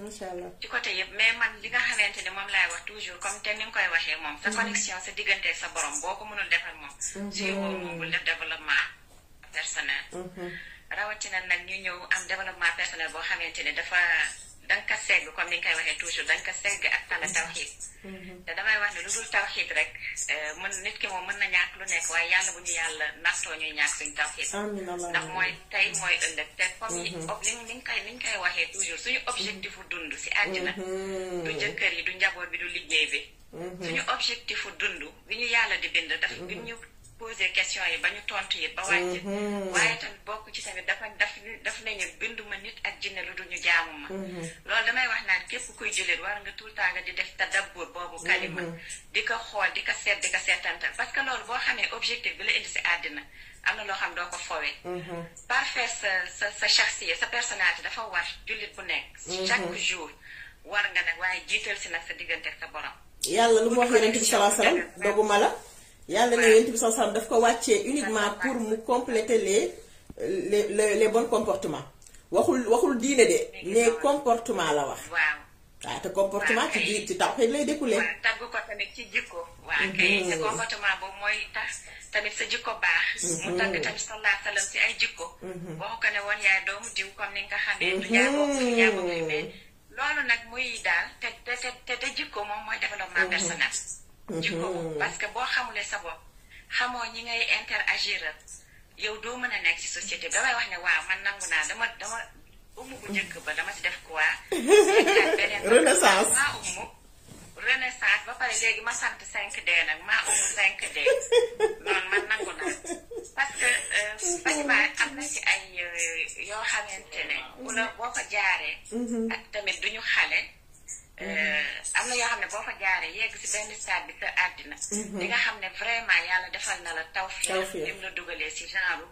macha ci côté yëpp mais man li nga xamante ne moom laay wax toujours comme te ni nga koy waxee moom. sa mm-hmm. connexion sa diggante sa borom boo ko mënul def ak moom. suy woo moom bul def développement personnel. rawatina nag ñu ñëw am développement personnel boo xamante ne dafa. danga ka segg comme ni nga koy waxee toujours danga ka segg ak tala tawxiid te damay wax ne lu dul tawxiid rek mën nit ki moom mën na ñàkk lu nekk waaye yàlla bu ñu yàlla nattoo ñuy ñàkk suñu tawxiid ndax mooy tey mooy ëllëg te comme ni ni ñu koy ni ñu koy waxee toujours suñu objectifu dund si na du jëkkër yi du njaboot bi du liggéey bi suñu objectifu dund bi ñu yàlla di bind daf bi ñu posé question yi ba ñu tontu yi ba wàcc mhm. waaye tamit bokk ci tamit dafa daf daf nañu binduma nit ak jinne lu dul ñu mhm. loolu damay wax naan képp koy jullit war nga tout le temps nga di def tadabbur boobu kalima mhm. di ko xool di ko seet di ko seetantal parce que loolu boo xamee objectif bi la indi si àddina am na loo xam doo ko foowee parfaire sa sa sa chaxsiye sa personnalité dafa war jullit bu nekk chaque jour war nga nag waaye jiital si nag sa diggante ak sa borom
yàlla lu mu wax yonent bi salaa salaam doguma la yàlla na yonent bi sallallahu daf ko wàccee uniquement pour mu compléter les les les les bons waxul waxul diine de mais comportement la wax. waaw ah, te comportement ci biir ci tawhid lay découlé. tagg
ko tamit ci jikko. waaw mhm. kay sa comportement mooy tax tamit sa jikko baax. Mhm. mu tagg tamit sallallahu alayhi wasallam ci mhm. waxu ko ne woon yaay doomu diw comme ni nga xamee. du jaagoo du jaagoo loolu nag muy daal te te te te jikko moom mooy développement personnel. ci mm-hmm. boppam parce que boo xamulee sa bopp xamoo ñi ngay interagir yow doo mën a nekk ci société damay wax ne waaw man nangu naa dama dama umu bu njëkk ba dama ci def quoi. renaissance maa umu renaissance ba léegi ma sant 5 nag maa umu 5D noonu man nangu naa parce que Fatima euh, mm-hmm. am na ci ay euh, yoo xamante ne. bu la boo ko jaaree. Mm-hmm. ak tamit duñu xale.
Mm-hmm. am na
yoo xam ne boo fa jaaree yegg si benn stade bi sa àddina. Mm-hmm. di nga xam ne vraiment yàlla defal na la taw fii. taw fii la dugalee si genre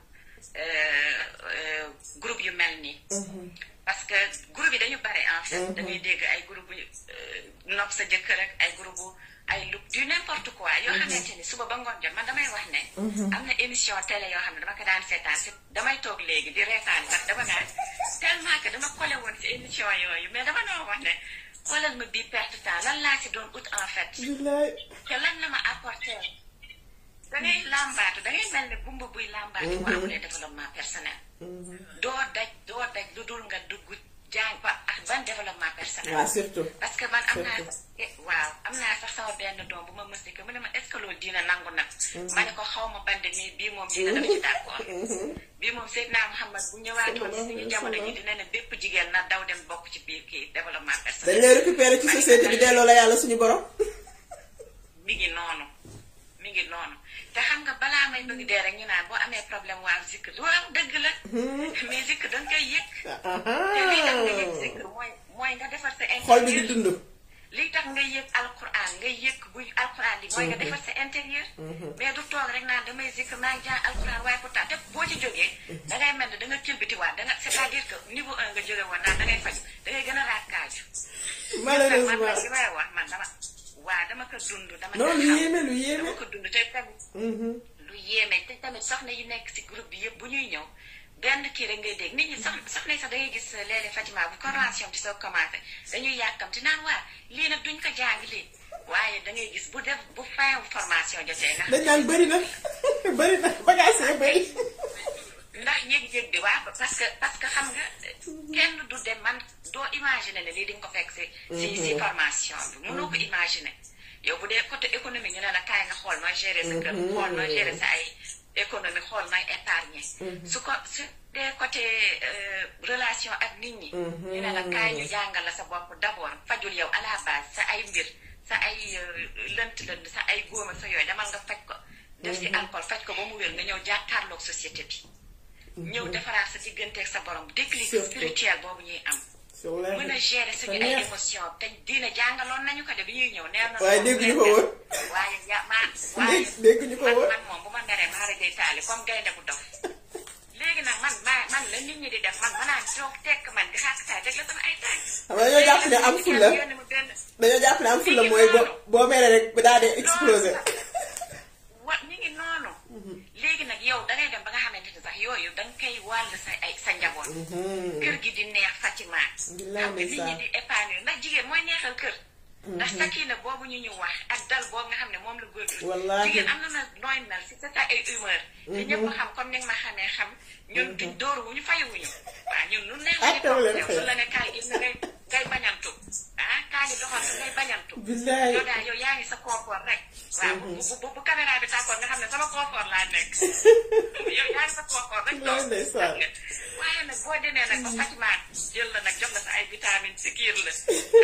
euh, euh, groupe yu mel nii. Mm-hmm. parce que groupe yi dañu bare en fait. dégg ay groupe yu euh, nopp sa jëkk rek ay groupe ay lu du n'importe quoi. yoo xamante ni suba ba ngoon jot man damay wax ne. am na émission télé yoo xam ne dama ko daal seetaan si damay toog léegi di reetaan sax dama naan tellement que dama collé si émission yooyu xoolal ma bii perte lan laa ci doon ut en fait. billaay te lan la ma apporter da ngay làmbaatu da ngay mel ne bumba buy làmbaatu. Mhm. boo amulee développement personnel. Mhm. doo daj doo daj lu dul nga dugg. jàng pa ak ban développement personnel. waaw ah, surtout parce que man am naa. Eh, waaw am naa sax sama benn doom bu ma mës ko mu ne ma est ce que loolu dina nangu nag. Mhm. ma ne ko xaw ma bande nii bii moom dina def ci d' accord. Mhm. Mhm. bii moom Seydina Mouhamad bu ñëwaatoon si suñu jamono ji dina ne bépp jigéen nag daw dem bokk ci biir kii développement personnel.
dañ lay récupérer ci société bi delloo la yàlla suñu borom.
mi ngi noonu mi ngi noonu. te xam nga balaa may bëgg dee rek ñu naan boo amee problème waaw zikr waaw dëgg la. Hmm. mais zikr da koy yëg. te liy tax nga yëg zikr mooy mooy nga defar sa intérieur dund. liy tax nga yëg alquran nga yëg buy alquran li mooy mais du toog rek naa damay zikr maa ngi jàng alquran waaye pourtant te boo ci jógee. da ngay mel ne da nga tilbitiwaat da nga c'est-à-dire que niveau nga jóge woon naan da ngay faj da gën a raakaaju.
malheureusement man man li
may wax man dama. waaw dama ko dund. dama non lu yéeme lu yéeme dama ko dund tamit. Mhm. lu yéeme te tamit soxna yu nekk si groupe bi yëpp bu ñuy ñëw. benn kii rek ngay dégg nit ñi sax sax nañ sax da gis euh, léeg-léeg Fatima bu convention bi soo commencé dañuy yàkkamti naan waa lii nag duñ ko jàng lii waaye da ngay gis bu def bu fin formation jotee
na. dañ naan bëri na bëri na bagage yi
ndax yéeg-yéeg bi waaw parce que parce que xam nga kenn du dem man doo imaginer ne lii di ko fekk si si si mhm. formation bi mënoo ko imaginer yow bu dee côté économie ñu ne la kaay nga xool nooy gérer sa kër mhm. xool nooy gérer ay économie xool nooy épargne mhm. su ko su dee côté euh, relation ak nit ñi ñu ne la ñu jàngal sa bopp d'abord fajul yow à la base sa ay mbir sa ay euh, lënt lënt sa ay góoma sa yooyu demal nga faj ko def si alcool faj ko ba mu wér nga ñëw jàkkaarloog société bi
ñëw defaraat
sa digganteeg sa borom déclic spirituel boobu ñuy am.
mën a gérer suñu ay émotion
te diina jàngaloon nañu ko bi ñuy ñëw neer na waaye dégg ñu ko woon
dégg ñu ko woon man
moom ma neree maa rëjee taali comme gaynde bu dof léegi nag man ma la nit ñi di def man manaa toog man di xàkk saa dégg la sama ay
tànk xam nga dañoo jàpp ne am fulla dañoo jàpp ne am fulla mooy boo boo meree rek bu daal di exploser
léegi nag yow dangay dem ba nga xamante ni sax yooyu danga koy wàll sa ay sa njaboot. Mhm. kër gi di neex Fatima. xam nga nit ñi di épanouir ndax jigéen mooy neexal kër. Mhm. ndax sakina boobu ñu ñu wax ak dal boobu nga xam ne moom la góor. wallaahi jigéen am na nag nooy mel si sa ay humeur. te mhm. ñëpp xam comme ni nga ma xamee xam. ñun duñ dóoruwuñu fayuwuñu waaw ah, ñun lu neex ñu toog la ne kaay gis ngay ngay bañantu ah kaay gi doxal yaa ngi sa confort rek waaw bu bu bu caméra bi tàkkoon nga xam ne sama confort laa nekk yow yaa ngi sa confort rek toog waaye nag boo demee nag ba faj maan jël la nag jox la sa ay vitamine sikiir la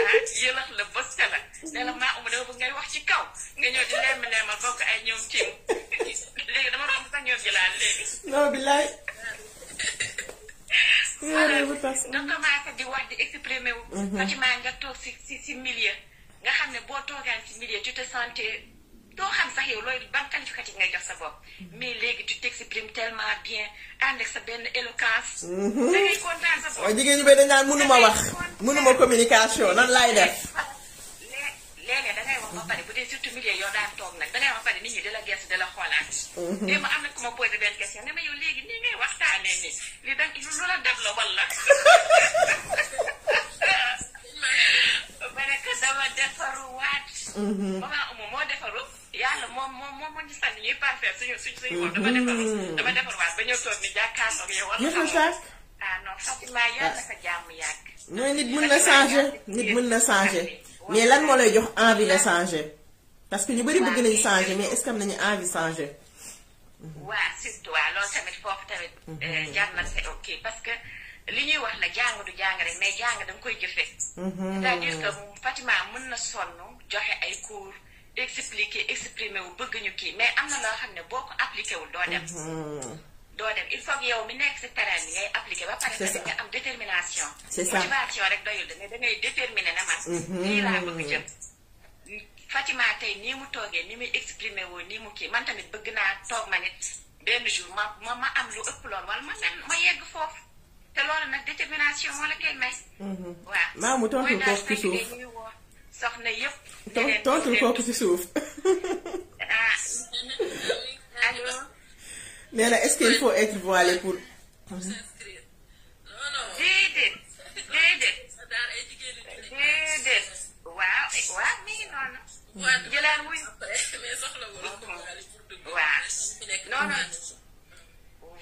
ah yëlax la bës la ne la maa uma dama bëgg ngay wax ci kaw nga ñëw di lemm leemal ay ñoom cim léegi dama romb sax ñoom ji laa léegi non bilaay
ah. nga
commencé di wax di exprimer wu. Mhm. Fatima nga toog si si si milieu. nga xam ne boo toogaan si milieu tu te sentais doo xam sax yow loolu ban qualificatif ngay jox sa bopp. Mhm. mais léegi tu t'exprimes tellement bien ànd sa benn éloquence. Mhm. da ngay kontaan sa bopp. waaw jigéen ba dañ naan mënuma wax
mënuma communication nan laay def.
léeg-léeg da ngay wax ba pare bu dee surtout milieu yoo daan toog nag da ngay wax ba pare nit ñi di la gëstu di xoolaat. Mm-hmm. démb am na ku ma posé benn question ne ma yow léegi nii ngay waxtaanee nii li da lu la dab la wala. ma ne ko dama defaruwaat. mama mm-hmm. Oumou moo defaru yàlla moom moom moo ñu sant ñuy parfait suñu suñu suñu bopp dama defaru mm-hmm. dama defaruwaat ba ñëw toog ni jàkkaarloo ak yow. wala ah non sa jàmm yàgg.
mooy nit mën na changer nit mën na changer. mais lan moo lay jox envie de parce que ñu bari bëgg nañu changer mais est nañu envie changer.
waaw surtout waaw ah, loolu tamit foofu tamit. Mm-hmm. Euh, jar na ok parce que li ñuy wax na jàng du jàng rek mais jàng danga koy jëfee. Mm-hmm. c'est-à-dire que Fatima mën na sonn joxe ay cours expliquer exprimer wu bëgg ñu kii mais am na loo xam ne boo ko appliqué wul doo dem.
Mm-hmm.
doo dem il faut que yow mi nekk si terrain bi ngay appliqué ba pare tamit nga am détermination. c'est ça motivation rek doyul da ngay na man. Mhm. lii laa bëgg jëm. Fatima tey nii mu toogee ni muy exprimer woo nii mu kii man tamit bëgg naa toog ma nit benn jour ma ma am lu ëpp loolu ma mel ma yegg foofu te loolu nag détermination moo la koy may.
Mhm. waaw maa mu tontu kooku ci yëpp. tontu kooku ci suuf.
ah allo.
nee na est faut être voilé pour. s'inscrire
non non. déedéet
déedéet. déedéet. waaw waaw mi ngi
noonu.
jëlaat wuñ. waaw non non.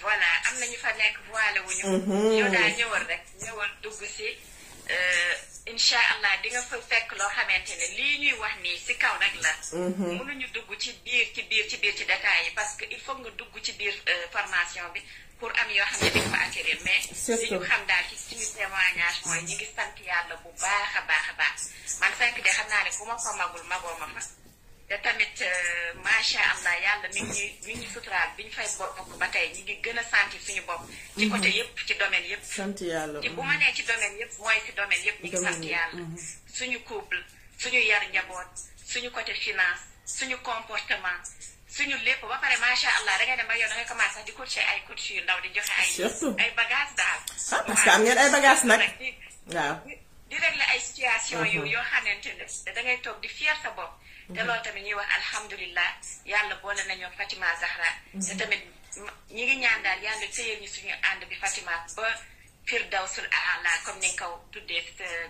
voilà am na fa nekk voilé wuñu. Mhm. yow daal ñëwal rek ñëwal dugg si. Euh, incha allah di nga fa fekk loo xamante ne lii ñuy wax nii si kaw nag la. Mhm. mënuñu dugg ci biir ci biir ci biir ci détails yi parce que il faut nga dugg ci biir euh, formation bi pour am yoo xam ne dañ ko acquérir mais. li ñu xam daal ci suñu témoignage mooy ñu ngi sant yàlla bu baax a baax a baax man fekk de xam naa ne ku ma ko magul magoo ma fa. te tamit euh, macha allah yàlla nit ñi mi ngi suturaal bi ñu fay bokk ba tey ñu ngi gën a sentir suñu bopp. ci mhm. côté yëpp ci domaine
yëpp. sant yàlla ci bu ma
nee ci domaine yëpp mooy ci domaine yëpp. ñu ngi sant yàlla. Mhm. suñu couple suñu yar njaboot suñu côté finance suñu comportement. suñu lépp ba pare macha allah da dem ba yow da ngay commencé sax di coacher ay coach yu ndaw di joxe ay. ay bagages daal. Ah, parce que am ngeen ay bagages
nag waaw. di régler
mhm. di fier sa bopp. te loolu tamit ñuy wax alhamdulilah yàlla boole nañoo Fatima Zahra. Mm-hmm. te tamit ñi ngi ñaan daal yàlla téyeel ñu suñu ànd bi Fatima ba Firdawsul Aala comme ni kaw tuddee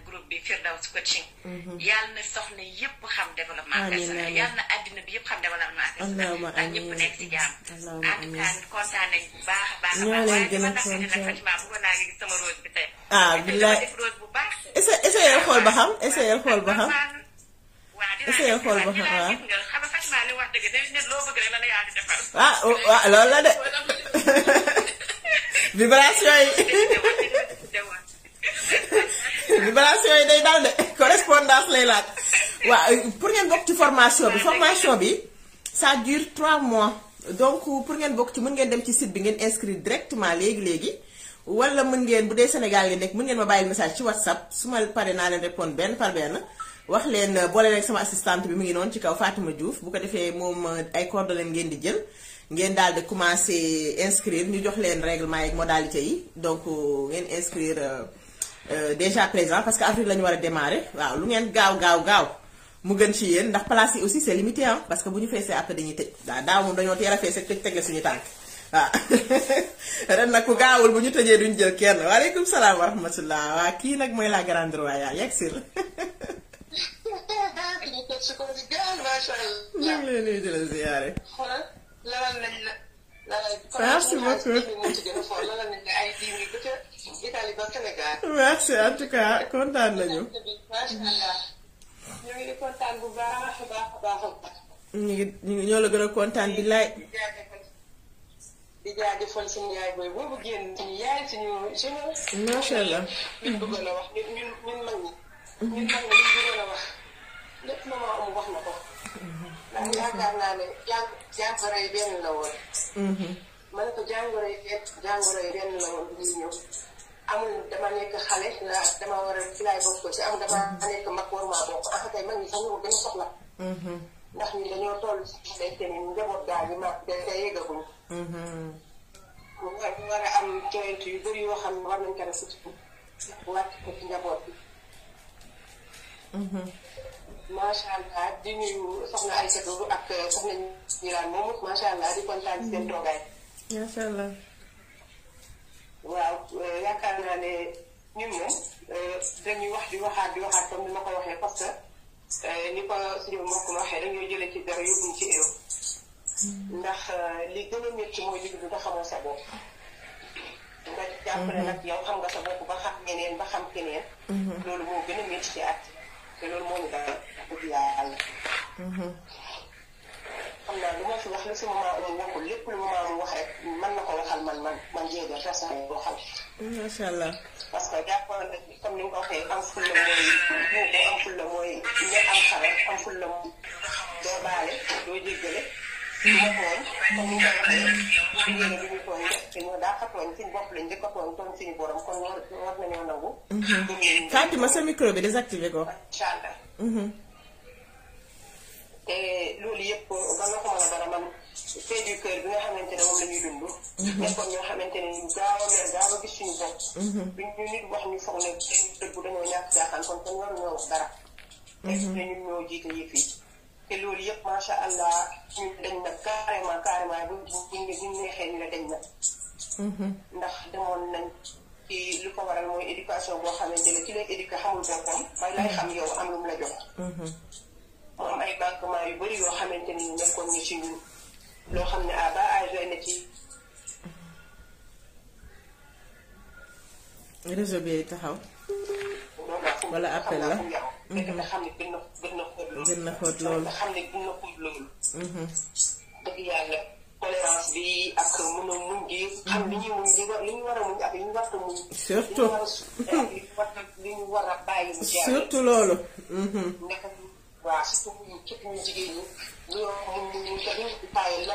groupe bi Firdaws coaching. Mm-hmm. yàlla na soxna yëpp xam développement personnel yàlla na àddina bi yëpp xam développement personnel. ndax ñëpp nekk ci jàmm. en tout bu baax
a baax. ñoo leen gis sama rose bi tey. ah billaay def rose bu baax. essayé xool ba xam essayé xool ba xam. waaw dinaa xool ba xam waaw la la yaa di defar. ah waaw oh, ah, loolu la de. vibration yi. vibration yi day daal de correspondance lay laaj. waaw pour ngeen bokk ci formation bi formation bi ça dure 3 mois. donc pour ngeen bokk ci mën ngeen dem ci site bi ngeen inscrire directement léegi léegi. wala mën ngeen bu dee Sénégal ngeen nekk mën ngeen ma bàyyil message ci WhatsApp su ma pare naa leen répondre benn par benn. wax leen euh, boole rek sama assistante bi mu ngi noonu ci kaw faatuma Diouf bu ko defee moom euh, ay coordonnées ngeen di jël ngeen daal di commencer inscrire ñu jox leen règlement yeeg modalité yi donc euh, ngeen inscrire déjà présent parce que avril la ñu war a démarrer waaw lu ngeen gaaw gaaw gaaw mu gën ci yéen ndax place yi aussi c'est limité ah parce que bu ñu feesee après dañuy tëj waaw daaw moom dañoo teel a fees teg la suñu tànk waaw ren nag ku gaawul bu ñu tëjee duñ jël kenn waaleykum salaam wa rahmatullah waa kii nag mooy la grande royale yegg si dañuy jot leen di jëlee la.
merci beaucoup lalal nañ la ay
en tout cas kontaan nañu.
ñu ngi a a
ñu ngi ñoo la gën a kontaan bi laay.
ñun xam nga liñ bëggoon ma am wax na ko. ndax yaakaar naa ne jàng jàngoro yi benn la woon. Mhm. ma ne ko jàngoro yi benn jàngoro yi benn la woon bu ñuy amul dama nekk xale ndax dama war a filaay bokk ko ci am dama nekk mag war maa bokk en a mhm. ci day te ni njaboot gaa mhm. a am joyante yu bëri yoo xam ne war nañ ko def surtout wàcc ko ci njaboot bi. Mm-hmm. macha allah di nuyu soxna Aïssatou ak euh, soxna Njiraan moom macha allah di kontaan ci seen mm-hmm. toogaay. macha waaw euh, yaakaar naa ne ñun moom euh, dañuy wax di waxaat di waxaat comme ni ma ko waxee parce que ni ko suñu mbokk ma waxee dañoo jëlee ci dara yóbbuñ ci éew. Mm-hmm. ndax li gën a métti mooy li nga xamoo sa bopp. nga jàpp ne nag yow xam nga sa bopp ba xam ñeneen ba xam keneen.
loolu moo gën a métti ci at. te loolu moo ñu dara def yàlla.
Mhm. xam naa lu ma fi wax lu fi ma amul waxul lépp lu ma amul wax rek man na ko
waxal man man man jéego personne yi waxal. Mhm, macha allah. parce que jàppoon na comme ni nga ko waxee am fulla mooy boobu am fulla mooy ña am xaral am fulla mooy doo baale doo jéggale. ma tooñ te ñu tooñ jigéen bi ñu tooñ ci a tooñ tooñ suñu borom kon
sa micro bi désactivé ko inchallah mm-hmm. eh, te loolu yëpp ba nga ko mën a dara man fait du cœur bi nga xamante ne moom la ñuy dund mm-hmm. ñoo xamante ne ñu gaaw a mer gaaw a gis suñu bopp mm-hmm. bu ñu nit wax ñu foog ne dëgg dañoo ñàkk jaaxaan kon kon waruñoo wax dara te eh, ñun ñoo jiite yëf yi te loolu
yëpp macha allah ñun dañ na carrément carrément bu buñ buñ neexee ñu ne dañ na. Mm-hmm. ndax demoon nañ ci lu ko waral mooy éducation boo xamante ni ci lay éduqué xamul boppam bay am
lu mu mm-hmm. am ay manquement yu bëri yoo xamante ni nekkoon ñu ci loo xam ne ah ba âgé na ci. réseau bi taxaw.
wala appel la.
fekk nga xam ne gën na gën na xóot loolu. gën na xóot loolu nga xam ne gën
bi a muñ a muñ ak li ñu mm-hmm. war a muñ. surtout
li a surtout
loolu. a
muñ ak a solutionné a bàyyi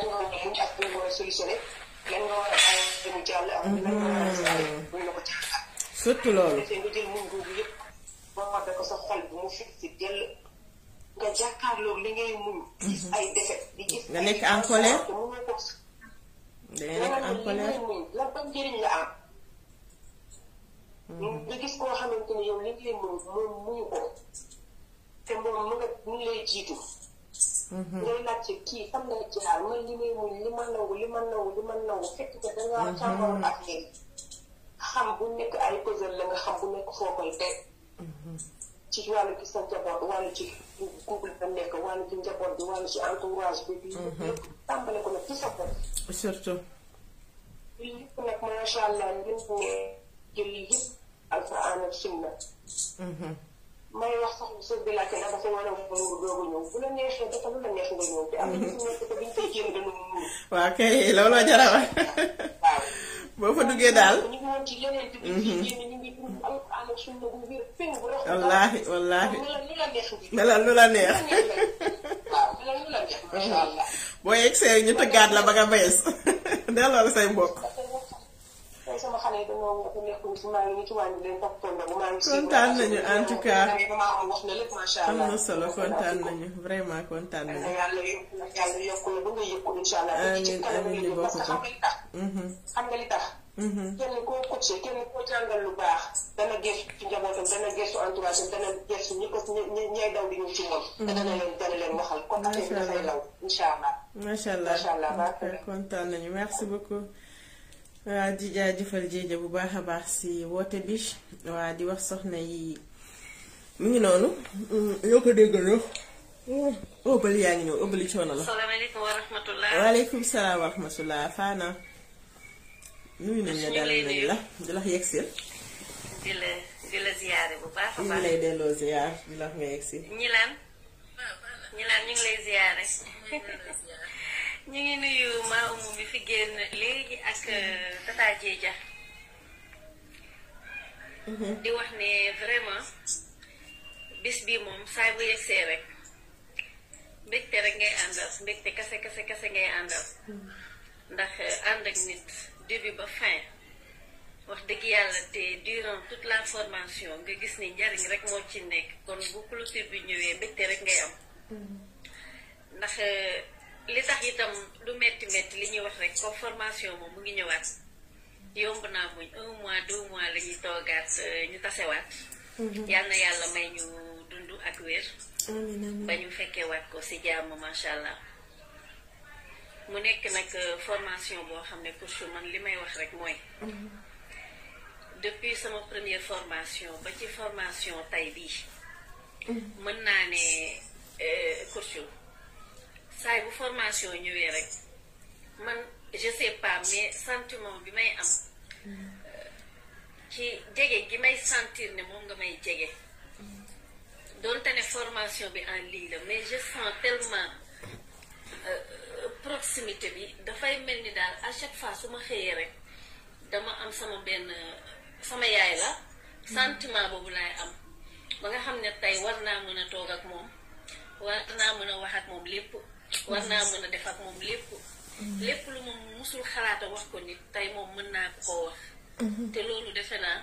a
mm-hmm. la ko caaxaan. surtout loolu.
bu ñu defee nga bombardé ko sa xol bi mu fixé dell nga jàkkaarloog li ngay muñ gis mhm. ay defet nga nekk en colère la ban mhm. gis koo xamante ne yow li ngay muñ moom muñu ko te moom mhm. kii fan lay jaar li ma nangu li ma nangu li ma nangu fekk nga dangaa càmmoon ak léegi xam bu nekk ay puzzle la nga xam bu nekk foo koy teg ci wàllu ci sa njaboot wàllu ci couple ba nekk wàllu ci njaboot bi wàllu ci entourage bi. Mhm. surtout. lii yëpp nag macha allah ñun bu jëli yëpp alquran ak sunna. Mhm. may wax sax suuf bi laajte ndax dafa war a wóor doog a ñëw bu la neexee dafa lu la neex nga ñëw. te am na ci mhm. nekk te biñ koy jéem dañoo ñëw.
waaw kay looloo jar a boo fa duggee daal. ñu ngi woon ci leneen mhm. wallaahi wallaahi lu lu la neex. Mhm. boo yegsee ñu tëggaat la ba nga bees delloo la say mbokk.
tey sama xale yi dañoo wax nekkul si maa ngi ñu ci wàññi leen toppatoo ndogu maa ngi. kontaan nañu en tout cas am na solo kontaan
nañu vraiment kontaan nañu.
yàlla yàlla yokk la ba nga yëg ko incha allah. amiin amiin ñu bokk ko xam nga li tax. Mhm. xam nga li tax. Mhm. kenn koo coaché kenn koo jàngal lu baax dana gëstu ci njabootam dana gëstu entourage am dana gëstu ñi ko ñi ñay daw di ñu ci moom. Mhm. dana leen dana leen waxal. macha allah kon affaire bi dafay law
incha allah. macha allah kontaan nañu merci beaucoup. waa di jaajëfal jéeja bu baax a baax si woote bi waa di wax soxna yi mu ngi noonu yoo mm, ko déggaloo ëbbali mm. yaa ngi ñëw ëbbali coono la salaamaaleykum wa salaam wa rahmatullah faana nuyu nañ la dalal la di la yegg si
di la ñu lay
delloo ziyaar di
ñi lay ziyaare ñu ngi nuyu maa umu bi fi génn léegi ak euh, Tata ja mm-hmm. di wax ne vraiment bis bi moom saay bu yegsee rek mbégte rek ngay àndal mbégte kase kase kase ngay àndal ndax euh, ànd ak nit début ba fin wax dëgg yàlla te durant toute la formation nga gis ni njariñ rek moo ci nekk kon bu clôture bi ñëwee mbégte rek ngay am mm-hmm. ndax euh, li tax itam lu metti metti li ñuy wax rek comme formation moom mu ngi ñëwaat yomb naa muñ un mois deux mois la ñuy toogaat euh, ñu tasewaat.
Mhm. yal yàlla yàlla
may ñu dund ak wér. ba ñu fekkeewaat ko si jàmm macha allah. mu nekk nag euh, formation boo xam ne pour man li may wax rek mooy. Mhm. depuis sama première formation ba ci formation tay bii. Mhm. mën naa ne euh, course saa bu formation ñëwee rek man je sais pas mais sentiment bi may am euh, ci jege gi may sentir ne moom nga may jege donte ne formation bi en ligne la mais je sens tellement euh, proximité bi dafay mel ni daal à chaque fois su ma xëyee rek dama am sama benn sama yaay la sentiment boobu laay am ba nga xam ne tey war naa mën a toog ak moom war naa mën a wax ak moom lépp war naa mën a def ak moom lépp. lépp lu moom musul xalaata wax ko nit tey moom mën naa koo wax. Mhm. te loolu defe naa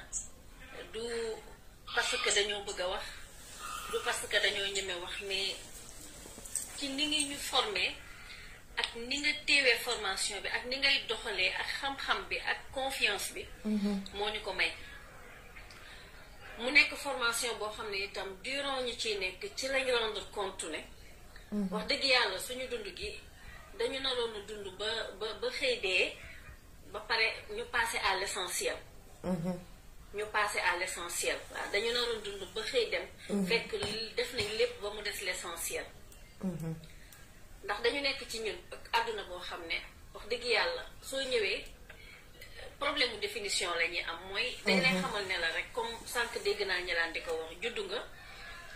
du parce dañoo bëgg a wax du parce que dañoo ñeme wax mais ci ni ngi ñu formé ak ni nga teewee formation bi ak ni ngay doxalee ak xam-xam bi ak confiance bi. Mhm. moo ñu ko may. mu nekk formation boo xam ne itam durant ñu ciy nekk ci lañ rendre compte ne. Mm-hmm. wax dëgg yàlla suñu dund gi dañu naroon dund ba ba ba xëy dee ba pare ñu passé à l' mm-hmm. ñu passé à l' essentiel waaw dañu naroon dund ba xëy dem. Mm-hmm. fekk def nañ lépp ba mu des l' essentiel. ndax dañu nekk ci ñun àdduna boo xam ne wax dëgg yàlla soo ñëwee problème mu définition la ñuy am mooy. dañ lay xamal ne la rek comme sànq dégg naa ñu daan di ko wax juddu nga.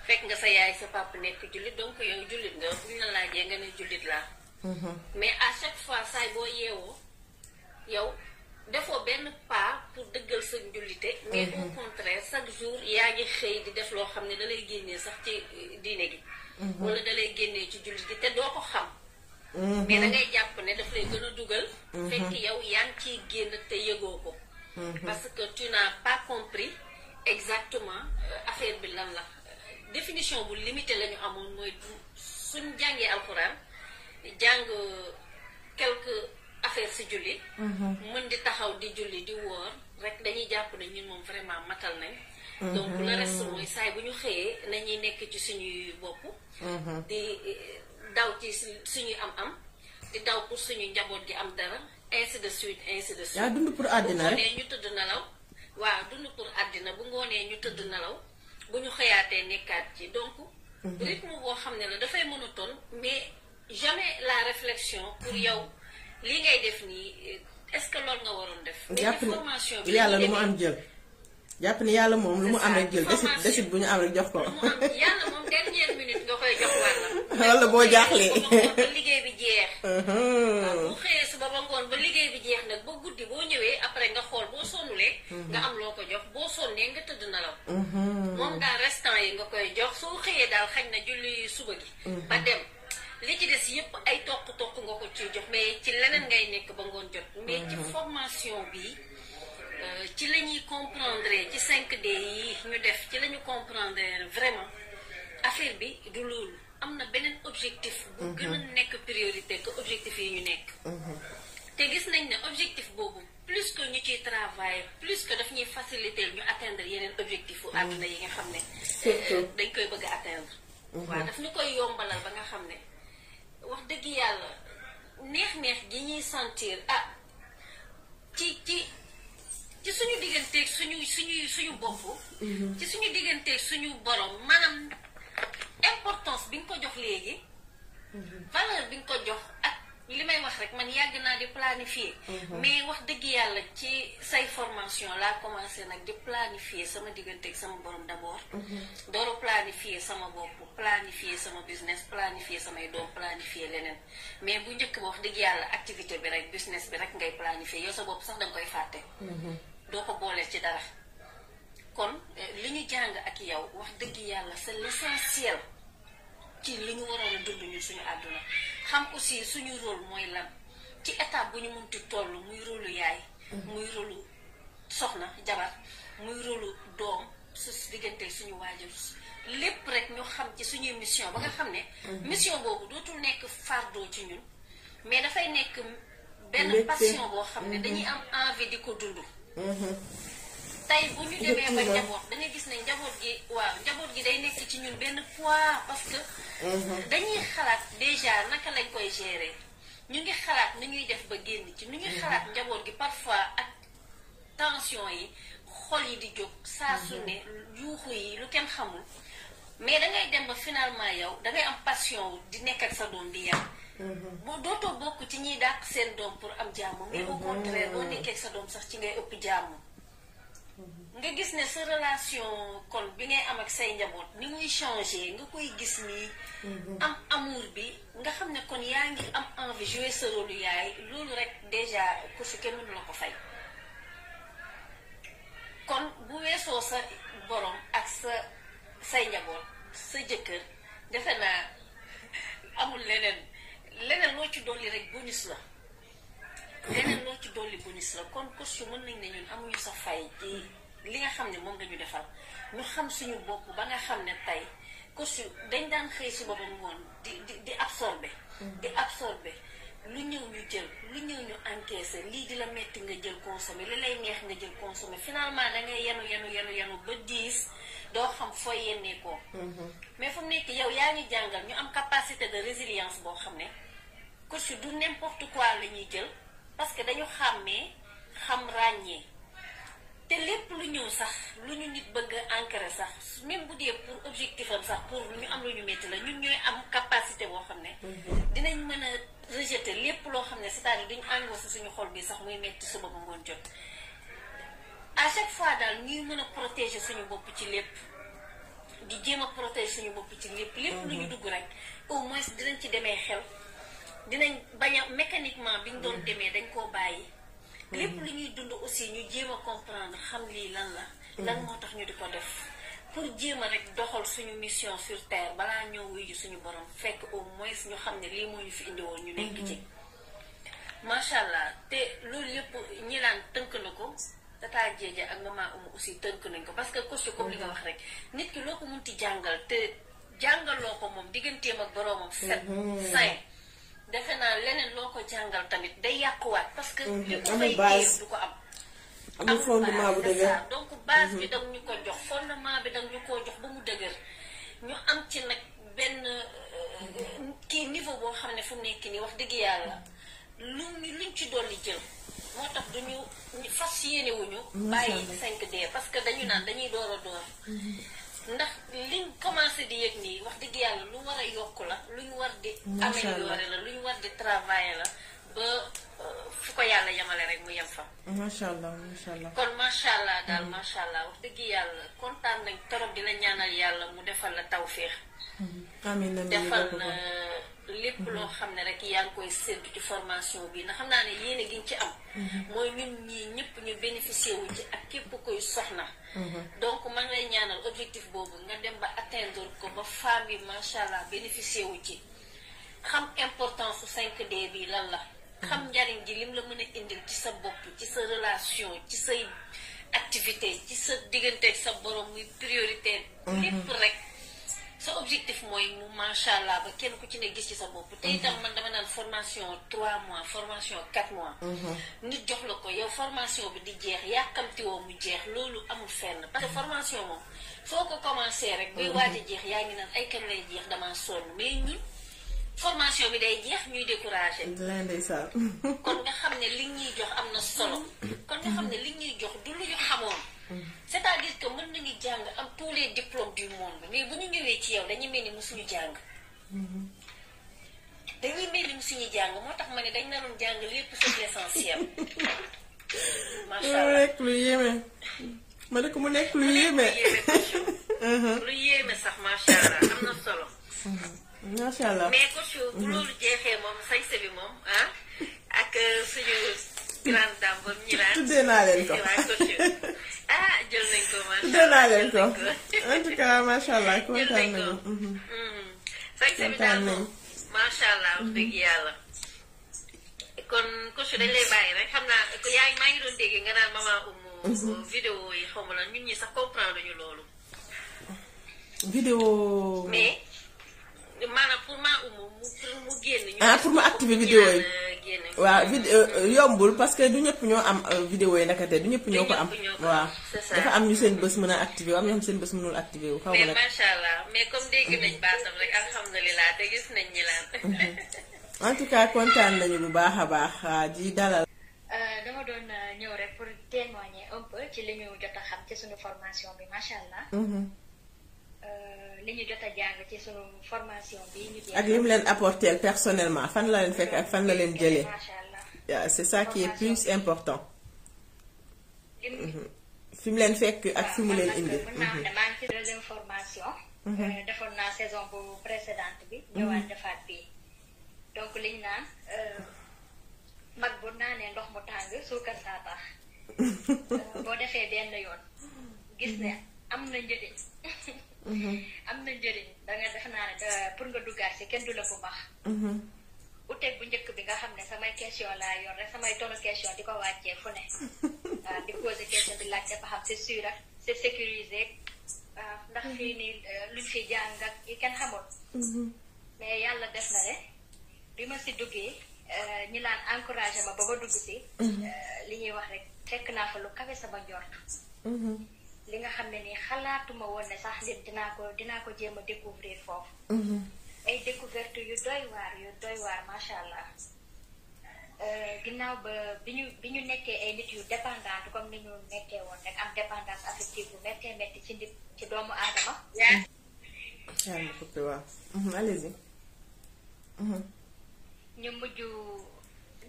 fekk nga sa yaay sa papa nekk jullit donc yow jullit nga buñ la nga ne jullit laa. Mhm. mais à chaque fois saay boo yeewoo yow defoo benn pas pour dëggal sa njullite. mais mhm. au contraire chaque jour yaa ngi xëy di def loo xam ne dalay lay génnee sax ci euh, diine gi. Mhm. wala da lay génnee ci jullit gi te doo ko xam. mais da ngay jàpp ne daf lay gën a dugal. fekk yow yaa ngi ciy génn te yëgoo ko. parce que tu n'as pas compris exactement euh, affaire bi lan la. définition bu limité lañu ñu amoon mooy du suñ jàngee alxuraan jàng quelque affaire si julli mm-hmm. mën di taxaw di julli di woor rek dañuy jàpp nañ ñun moom vraiment matal nañ mm-hmm. donc le reste mooy saay bu ñu xëyee nañuy nekk ci suñuy bopp mm-hmm. di daw ci suñuy am-am di daw pour suñuy njaboot di am dara ainsi de suite ainsi de suite yaa dund pour àddina bu ngoonee ñu tëdd nelaw waaw dund pour àddina bu ngoonee ñu tëdd nelaw bu ñu xëyaatee nekkaat ci donc. Mhm. rythme boo xam ne la dafay monotone mais jamais la réflexion pour yow li ngay def nii est-ce que loolu nga waroon
def. mais formation bi yàlla lu mu am jël. jàpp ni yàlla moom lu mu am rek jël desit desit bu ñu amee rek jox ko.
yàlla moom dernière minute nga koy jox wàll.
wala boo jaaxlee.
ba liggéey bi jeex.
Uh-huh. bu
xëyee suba ba ngoon ba liggéey bi jeex nag ba guddi boo ñëwee après nga xool boo sonnulee. Uh-huh. nga am loo ko jox boo sonnee nga tëdd nalaw.
Uh-huh. moom
daal restant yi nga koy jox soo xëyee daal xañ na julli suba gi. ba dem. li ci des yëpp ay toq-toq nga ko ciy jox mais ci leneen ngay nekk ba ngoon jot. mais ci formation bi. Euh, ci la ñuy comprendre ci 5D yi ñu def ci la ñu comprendre vraiment affaire bi du loolu am na beneen objectif. bu mhm. gën a nekk priorité que objectif yi ñu nekk. Mhm. te gis nañ ne objectif boobu plus que ñu ciy travailler plus que daf ñuy faciliter ñu atteindre yeneen objectif bu àdduna mhm. yi nga xam ne. dañ koy bëgg a atteindre. waaw ñu koy yombalal ba nga xam ne wax dëgg yàlla neex-neex gi ñuy sentir ah ci ci. ci suñu digganteeg suñu suñu suñu bopp. Mhm. ci suñu digganteeg suñu borom maanaam importance bi nga ko jox léegi. Mhm. valeur bi nga ko jox ak li may wax rek man yàgg naa di planifier. Mhm. mais wax dëgg yàlla ci say formation laa commencé nag di planifier sama digganteeg sama borom d'abord. door planifier sama bopp planifier sama business planifier samay doom planifier leneen mais bu njëkk ba wax dëgg yàlla activité bi rek business bi rek ngay planifier yow sa bopp sax danga koy fàtte. doo ko boole ci dara kon eh, li ñu jàng ak yow wax dëgg yàlla c'est l'essentiel ci li ñu waroon a dund ñu suñu àdduna xam aussi suñu rôle mooy lan ci étape bu ñu mënti toll muy rôlu yaay muy rôlu soxna jabar muy rôlu doom su diggante suñu waajur lépp rek ñu xam ci suñuy mission ba nga xam ne mhm. mission boobu dootul nekk fardeau ci ñun mais dafay nekk benn passion boo xam ne dañuy mhm. am envie di ko dund tey bu ñu demee ba njaboot da gis ne njaboot gi waaw njaboot gi day nekk ci ñun benn poids parce que. dañuy xalaat déjà naka lañ koy gérer ñu ngi xalaat nu ñuy def ba génn ci nu ñuy xalaat njaboot gi parfois ak tension yi xol yi di jóg saa su ne yi lu kenn xamul mais da dem ba finalement yow da am passion di nekk sa doom bi yàlla. boo dootoo bokk ci ñiy dàq seen doom pour am jàmm mais au eh, contraire boo mm. nekkee sa doom sax ci ngay ëpp jàmm nga gis ne sa relation kon bi ngay am ak say njaboot ni muy changer nga koy gis nii mm-hmm. am bi nga xam ne kon yaa am envie jouer sa loolu rek déjà ku fi kenn la ko fay kon bu weesoo sa borom ak sa say njaboot sa jëkkër defe naa amul leneen leneen loo ci dolli rek bonus la leneen loo ci dolli bonus la kon costu mën nañ ne ñun amuñu sa fay ci li nga xam ne moom nga ñu defal ñu xam suñu bopp ba nga xam ne tey costu dañ daan xëy si boppam ngoon di di di absorbé mm-hmm. di absorbé lu ñëw ñu jël lu ñëw ñu encaissé lii di la metti nga jël consommé li lay neex nga jël consommé finalement da ngay yenu yenu yenu yenu ba diis doo xam fooy yennee ko mm-hmm. mais fu mu nekk yow yaa ngi jàngal ñu am capacité de résilience boo xam ne coach du n'importe quoi la ñuy jël parce que dañu xàmmee xam ràññee te lépp lu ñëw sax lu ñu nit bëgg a sax même bu dee pour objectif am sax pour lu ñu am lu ñu métti la ñu ñooy am capacité boo xam ne. Mhm. dinañ mën a rejeter lépp loo xam ne c'est-à-dire duñ engrosser suñu xol bi sax muy métti suba ba moon jot. à chaque fois daal ñuy mën a protéger suñu bopp ci lépp di jéem a protéger suñu bopp ci lépp. lépp lu ñu mhm. dugg rek au moins dinañ ci demee xel. dinañ bañ a mécaniquement bi ñu doon mm. demee dañ koo bàyyi. Mm. lépp li ñuy dund aussi ñu jéem a comprendre xam lii lan la. Mm. lan moo tax ñu di ko def. pour jéem a rek doxal suñu mission sur terre balaa ñoo wuyu suñu borom fekk au moins ñu xam ne lii moo ñu fi indiwoon ñu nekk ci. Mm-hmm. macha allah te loolu yëpp ñi naan tënk na ko tataa jeeje ak maman Oumou aussi tënk nañ ko parce que coach comme li nga wax mm-hmm. rek nit ki loo ko munti jàngal te jàngaloo ko moom digganteem ak boroomam. set mm-hmm. sain. defe naa leneen loo ko jàngal tamit day yàquwaat parce que. Mhm. li ko fay du ko am.
amul fondement bu dëgër
donc base bi mhm. dang ñu ko jox fondement bi dang ñu ko jox ba mu dëgër ñu am ci nag benn euh, kii niveau boo xam ne fu nekk nii wax dëgg yàlla lu luñ ci dolli jël moo tax duñu fas yéene wuñu bàyyi 5D parce que dañu naan dañuy door door mhm. ndax liñ commencé di yëg nii wax dëgg yàlla lu war a yokk la lu ñu war di améliorer la lu ñu war di travailler la ba euh, fu ko yàlla yemale rek mu yem fa
macha allah macha allah kon
macha allah daal macha allah wax dëgg yàlla kontaan nañ torop di la ñaanal yàlla mu defal la tawféex
amiin defal la
lépp loo mhm. xam ne rek yaa ngi koy séntu ci formation bi na xam naa ne yéene giñ ci am mhm. mooy ñun ñii ñëpp ñu bénéficié wuñ ci ak képp koy soxna mhm. donc man ngi lay ñaanal objectif boobu nga dem ba atteindre ko ba femme yi macha allah bénéficié wu ci xam importance su 5D bi lan la xam njariñ ji lim la mën a indil ci sa bopp ci sa relation ci say activité ci sa diggante sa borom muy priorité lépp rek sa objectif mooy mu macha allah ba kenn ku ci ne gis ci sa bopp. tey itam man dama naan formation 3 mois formation 4 mois. Mhm. nit jox la ko yow formation bi di jeex woo mu jeex loolu amul fenn parce que formation moom foo ko commencé rek. buy mhm. waaj jeex yaa ngi naan ay kañ lay jeex damaa sonn mais ñun. formation bi day jeex ñuy découragé. kon nga xam ne li ñuy jox am na solo. kon nga xam ne li ñuy jox du lu ñu xamoon. c'est-à-dire que mën nañu jàng am tous les diplômes du monde mais bu ñu ñëwee ci yow dañuy mel ni suñu jàng. Mm-hmm. dañuy mel ni mosuñu jàng moo tax ma ne dañ naroon jàng lépp c'est l'essentiel. macha allah
rek ma ne ko mu nekk lu yéeme. Mm-hmm.
lu sax macha allah am na solo.
Mm-hmm. macha allah mais
coach bu loolu jeexee moom sañse bi moom ah, ak euh, suñu. grande dame boobu ñu naan tuddee naa leen ko ah jël nañ ko macha allah tuddee
naa leen ko en tout cas macha allah kontaan nañu. kontaan
nañu yàlla. kon coach dañ lay bàyyi rek xam naa yaa maa ngi doon dégg nga naan maman Oumou. vidéo yi xaw ma la ñun ñi sax comprendre ñu loolu. vidéo maanaam pour ma umu mu génn.
Ah, activer vidéo yi waaw vidéo euh, euh, yombul parce que du ñëpp ñoo am euh, vidéo yi naka te du ñëpp ñoo ko am. waaw dafa am ñu seen bés mën a activé wu am xam seen bës mënul activé wu. xaw ma nag mais
macha allah mais comme dégg nañ baasam rek te gis nañ ñi laan.
en kontaan nañu bu baax a baax ji ah, dalal.
dama doon ñëw rek
pour témoigner un ci li ñu jot a xam ci suñu formation bi macha allah. Mm-hmm. li ñu jot a jàng ci sunu formation bi ñu ak li
mu leen apporter personnellement fan la leen fekk ak fan la leen jëlee. waaw c'est ça qui est plus important.
Mm-hmm.
fi mu leen fekk ak fi mu leen indi. Mm-hmm.
maa formation. Mm-hmm. Euh, defoon naa saison bu précédente bi. ñëwaat defaat donc liñ naan euh, mag bu naanee ndox mu tàng suukar saa baax. Euh, boo defee benn yoon. gis ne am na njëriñ. Mm-hmm. am na njëriñ danga def naa ne pour nga duggaat si kenn du la bu baax mm-hmm. uteeg bu njëkk bi nga xam ne samay question laa yor rek samay tonu question di ko wàccee fu ne ah, di poser question bi laajte ba xam c'est sûr ak c'est sécurisé ah, ndax fii mm-hmm. nii euh, luñ fi jàng ak yi kenn xamul mais yàlla def na ne bi ma si duggee euh, ñi naan encouragé ba ma dugg si euh, li ñuy wax rek fekk naa fa lu kawe sama njort li nga xam ne ni xalaatuma woon ne sax nit dinaa ko dinaa ko jéem a découvrir foofu mhm. ay découverte yu doy yu doy waar macha allah euh, ginnaaw ba bi ñu bi ñu nekkee ay nit yu dépendante comme ni ñu nekkee woon rek am dépendance affective bu méttee métti ci nit ci doomu aadama
mhm, mhm.
ñu mujj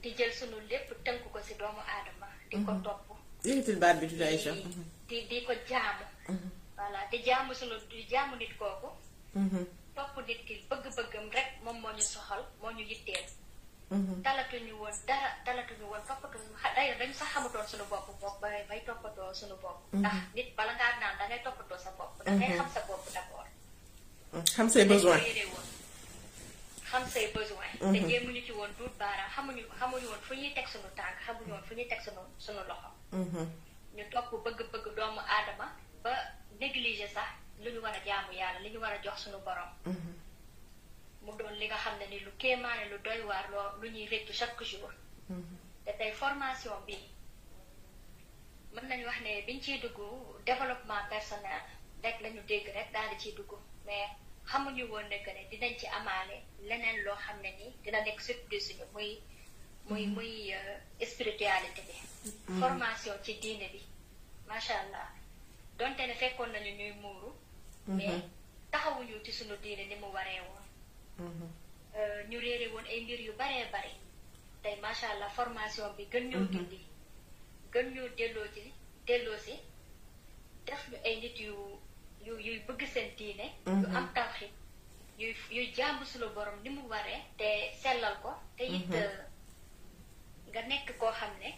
di jël sunu lépp tënk ko ci doomu aadama
di ko topp yëkkatil baat bi tudd Aïcha
di di ko jaamu. voilà di jaamu sunu di jaamu nit kooku. Mm-hmm. topp nit ki bëgg-bëggam rek moom moo ñu soxal moo ñu yitteel. Mm-hmm. talatuñu woon dara talatuñu woon toppatuñu d'ailleurs dañu sax xamutoon suñu bopp bopp bay bay toppatoo suñu bopp. Mm-hmm. ndax nit bala ngaa naan da ngay toppatoo sa bopp. da ngay xam sa bopp d'abord.
xam say besoin
xam say besoin te jéemuñu ci woon duut baaraam xamuñu xamuñu woon fu ñuy teg suñu tànk xamuñu fu ñuy teg suñu suñu loxo. ñu topp bëgg-bëgg doomu aadama ba négliger sax lu ñu war a jaamu yàlla li ñu war a jox suñu borom. Mm-hmm. mu doon li nga xam ne ni lu kéemaane lu doy waar loo lu ñuy réccu chaque jour. Mm-hmm. te tey formation bi mën nañu wax ne biñ ciy dugg développement personnel rek lañu dégg rek daal di ciy dugg mais xamuñu woon ne que dinañ ci amaale leneen loo xam ne ni dina nekk surprise suñu muy. muy muy eh, spiritualité bi. Mm-hmm. formation ci diine bi macha allah donte ne fekkoon nañu ñuy muuru. Mm-hmm. mais taxawuñu ci suñu diine ni mu waree woon. Mm-hmm. Euh, ñu réere woon ay mbir yu baree bare tey macha allah formation bi gën ñoo gindi gën ñoo delloo ci delloo si def ñu ay nit yu yu yuy bëgg seen diine yu am tawxit yuy yuy jàmb sunu borom ni mu waree te sellal ko te it euh, nga nekk koo xam ne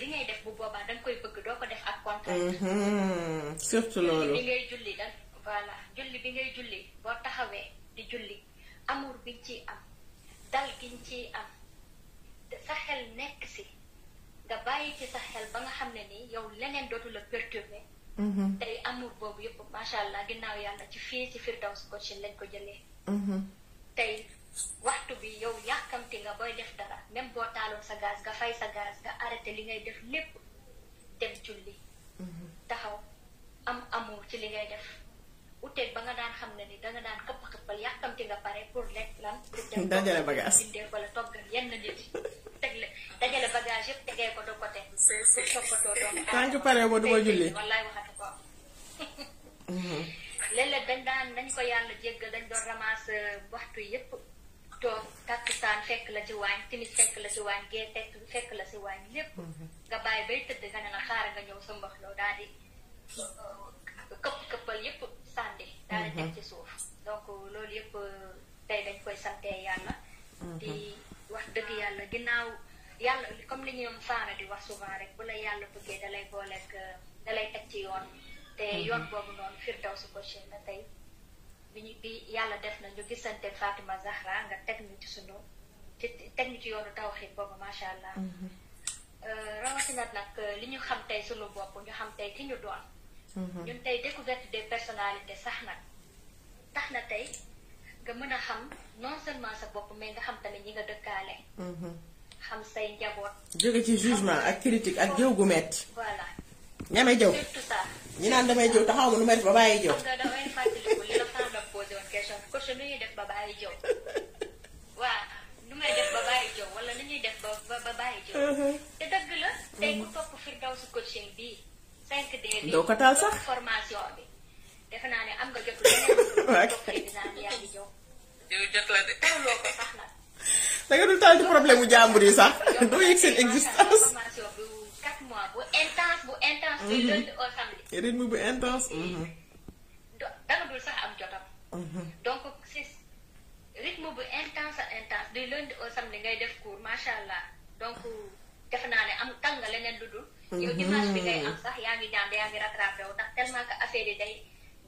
li ngay def bu boobaa danga koy bëgg doo ko def ak kontaan.
Mm-hmm. surtout loolu bi ngay
julli da voilà julli bi ngay julli boo taxawee di julli amour bi ci am dal gi ciy am sa xel nekk si nga bàyyi ci sa xel ba nga xam ne nii yow leneen dootu la perturber. Mm-hmm. tey amur boobu yëpp macha allah ginnaaw yàlla ci fii ci Firdaws Coaching lañ ko jëlee. Mm-hmm. tey waxtu bi yow yàkkam taaloon sa gaas nga fay sa gaz nga arrêté li ngay def lépp dem julli mhm. taxaw am amour ci li ngay def uteeg ba nga daan xam ne ni danga daan këpp këppal yàkkamti nga pare pour lekk lan pour dem dajale bagage bindee wala toggal yenn nit tegle dajale bagage yëpp tegee ko de côté pour toppatoo doomu tant que pare ba du ma julli wallaay waxatu ko mhm. léeg-léeg daan dañ ko yàlla jéggal dañ doon ramasse euh, waxtu yépp toog takkusaan fekk la ci waañ timis fekk la ci waañ gee fekk fekk la ci waañ lépp mhm. nga bàyyi bay tëdd nga ne la xaaral nga ñëw sa mbax loo daal di euh, këpp këppal yépp sànni daal di teg mhm. ci suuf donc loolu yépp euh, tey dañ koy santee yàlla mhm. di wax dëgg yàlla ginnaaw yàlla comme li ñoom saana di wax souvent rek bu la yàlla bëggee dalay booleeg euh, dalay teg ci yoon te yoon boobu noonu firdaw su ko na tey bi ñu bi yàlla def na ñu gisante Fatima Zahra nga teg ñu ci sunu ci teg ñu ci yoonu tawxiid boobu macha allah. Mm-hmm. Euh, rawatina nag euh, li ñu xam tey sunu bopp ñu xam tey ki ñu doon. Mm-hmm. ñun tey découverte des personnalités sax nag tax na tey nga mën a xam non seulement sa bopp mais nga xam tamit ñi nga dëkkaale. Mm-hmm. xam say njaboot.
jóge ci jugement ak critique ak jëw gu metti. voilà ñamay jëw surtout ça. naan damay jëw taxaw ma nu may def ba bàyyi jëw.
question question nu ñuy def ba bàyyi jow waa nu may def ba bàyyi jow wala nu ñuy def ba ba bàyyi jow uh-huh. te dëgg la tey ku uh-huh. topp Firdawsi coaching bii cinq d bi doo ko taal sax formation bi defe naa ne am nga jot la topp examen yaa ngi jow yow jot la de tawloo ko sax nag
da nga dul taal ci problème bu jàmbur yi sax doo yëg seen existence
formation bu quatre mois bu intense bu intense du uh-huh. lundi au samedi
rythme bu intense
danga dul sax am jotam Mm-hmm. donc c'est rythme bu intense intense du lundi au samedi ngay def cours macha allah donc defe naa ne am tàng nga leneen lu dul. Mm-hmm. yow dimanche bi ngay am sax yaa ngi jàng yaa ngi rattrapé wu ndax tellement que affaire yi day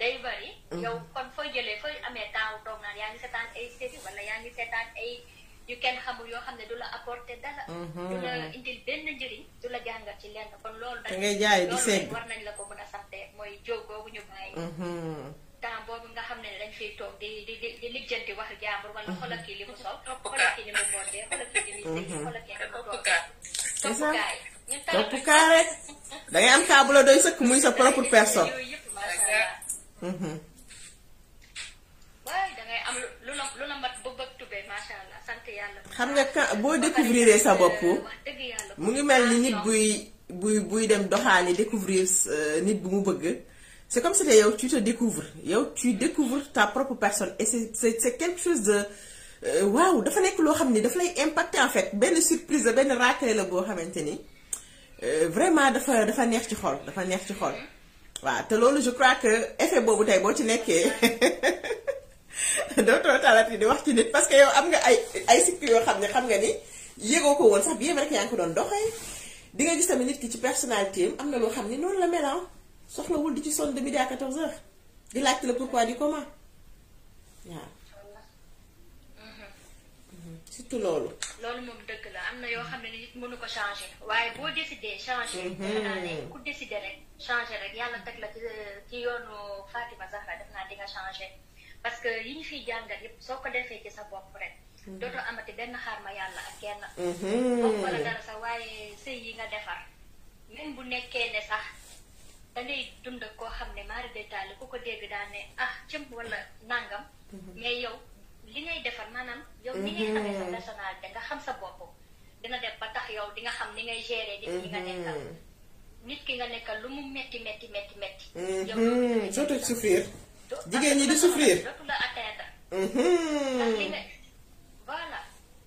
day bari. Mm-hmm. yow kon foo jëlee fooy amee temps wu toog naan yaa ngi seetaan ay série wala yaa ngi seetaan ay yu kenn xamul yoo xam ne du la apporter dara. du la indil benn njëriñ du la jàngat ci lenn kon loolu. da ngay jaay di segg war nañ la ko mën a mooy jóg boobu ñu bàyyi. temps boobu nga xam ne dañ fiy rek
dangay am taabula doy sëkk muy sa propre personne. Mhm.
am lu la sant yàlla.
xam nga ka boo découvrir sa bopp mu ngi mel ni nit buy buy buy dem doxaani découvrir euh, nit bu mu bëgg. c'est comme si que yow tu te découvres yow tu découvres ta propre personne et c'est c'est, c'est quelque chose de euh, waaw dafa nekk loo xam ni dafa lay impacter en benn surprise la benn raakale la boo xamante ni euh, vraiment dafa dafa neex ci xol dafa neex ci xol waaw te loolu je crois que effet boobu tey boo ci nekkee dootoo talat yi di wax ci nit parce que yow am nga ay ay cycle yoo xam ne xam nga ni yëgoo ko woon sax bien vrai que yaa ngi ko doon doxee di nga gis tamit nit ki ci personnalité am na loo xam ni noonu la melan ah. soxlawul di ci sonn de midi à 14 di laajte la pourquoi du comment waaw. Mhm. surtout loolu.
loolu moom dëgg la am na yoo xam ne nit mënu ko changer waaye boo décidé changer. Mhm. def naa ne ku décidé rek changer rek yàlla teg la ci ci yoonu Fatima Zahra def naa di changer parce que yi ñu fiy jàngat yëpp soo ko defee ci sa bopp rek. Mhm. dootoo amati benn xaar ma yàlla ak kenn. bopp la dara sax waaye sëy yi nga defar même bu nekkee ne sax. da ngay dund koo xam ne maari détail ku ko dégg daan ne ah cëm wala nangam. Mhm. mais yow li ngay defar maanaam. yow ni ngay mhm. xamee sa personnalité nga xam sa bopp. dina def ba tax yow di nga xam ni ngay gérer. nit ñi nga mhm. nekkal nit ki nga nekkal lu mu metti metti metti metti.
yow loolu surtout souffrir. jigéen ñi di souffrir dootu la atteindre. ndax
voilà.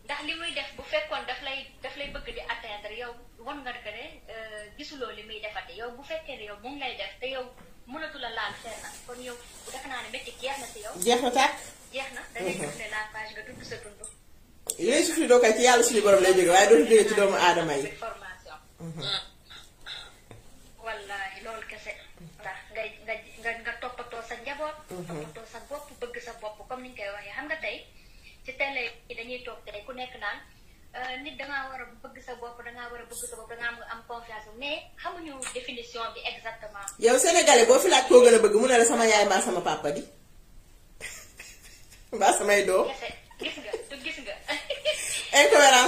ndax li muy def bu fekkoon daf lay daf lay bëgg di atteindre yow won nga ko ne euh, gisuloo li muy defate yow bu fekkee ne yow mu ngi lay def te yow mënatu la laal fenn kon yow defe naa ne métti jeex na si yow. jeex na tàkk. jeex na da ngay mhm. la page nga dund sa dund.
yooyu suuf si doo koy ci yàlla suñu borom lay jógee waaye doo jógee ci doomu aadama yi. formation. Mhm. Mm.
wallaahi loolu kese. nga ngay nga nga toppatoo sa njaboot. Mhm. toppatoo sa bopp bëgg sa bopp comme ni ñu koy waxee xam nga tey. ci télé yi dañuy toog tey ku nekk naan euh, nit dangaa war a bëgg sa bopp dangaa war a bëgg sa bopp dangaa am confiance mais xamuñu définition bi exactement. yow
sénégalais boo fi laaj koo gën a bëgg mu ne la sama yaay mbaa sama papa di mbaa samay doom.
gis nga du gis nga.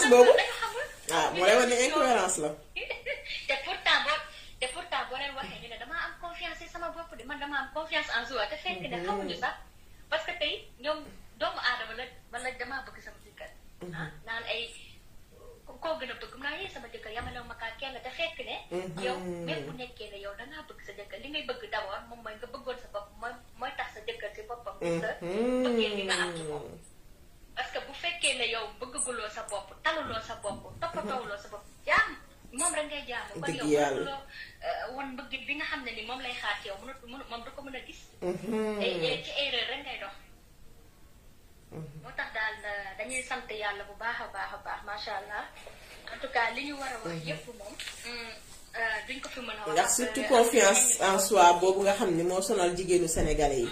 boobu.
waaw ah, moo ne incohérence la. te
pourtant te pourtant boo leen waxee ñu sama bopp di man damaa am confiance en soi te fekk ne mm-hmm. xamuñu sax parce que ñoom. doomu aadama nag man nag damaa bëgg sama jëkkër. Mhm. Ah, naan ay ko gën a bëgg a naan sama jëkkër yamalewu ma kaa kenn te fekk ne. Mhm. yow même bu nekkee ne yow dangaa bëgg sa jëkkër li ngay bëgg d'abord moom mooy nga bëggoon sa bopp mooy mooy tax sa jëkkër si boppam.
sa mhm. bëggee
parce que bu fekkee ne yow bëggaguloo sa bopp taluloo sa bopp toppatoowuloo sa bopp jaam moom rek ngay jaamu. dëgg yow kon yow eh, bëgg bi nga xam ne ni moom lay xaar ci yow mënut mënut moom du ko mën a gis.
Eh, eh, ci
erreur rek ngay dox. moo tax daal euh, dañuy sant yàlla bu baax a baax a baax macha allah en li ñu war a wax mhm. yépp moom mm, euh, a wax ndax surtout euh, confiance
en soi boobu nga xam ne moo sonal jigéenu sénégalais yi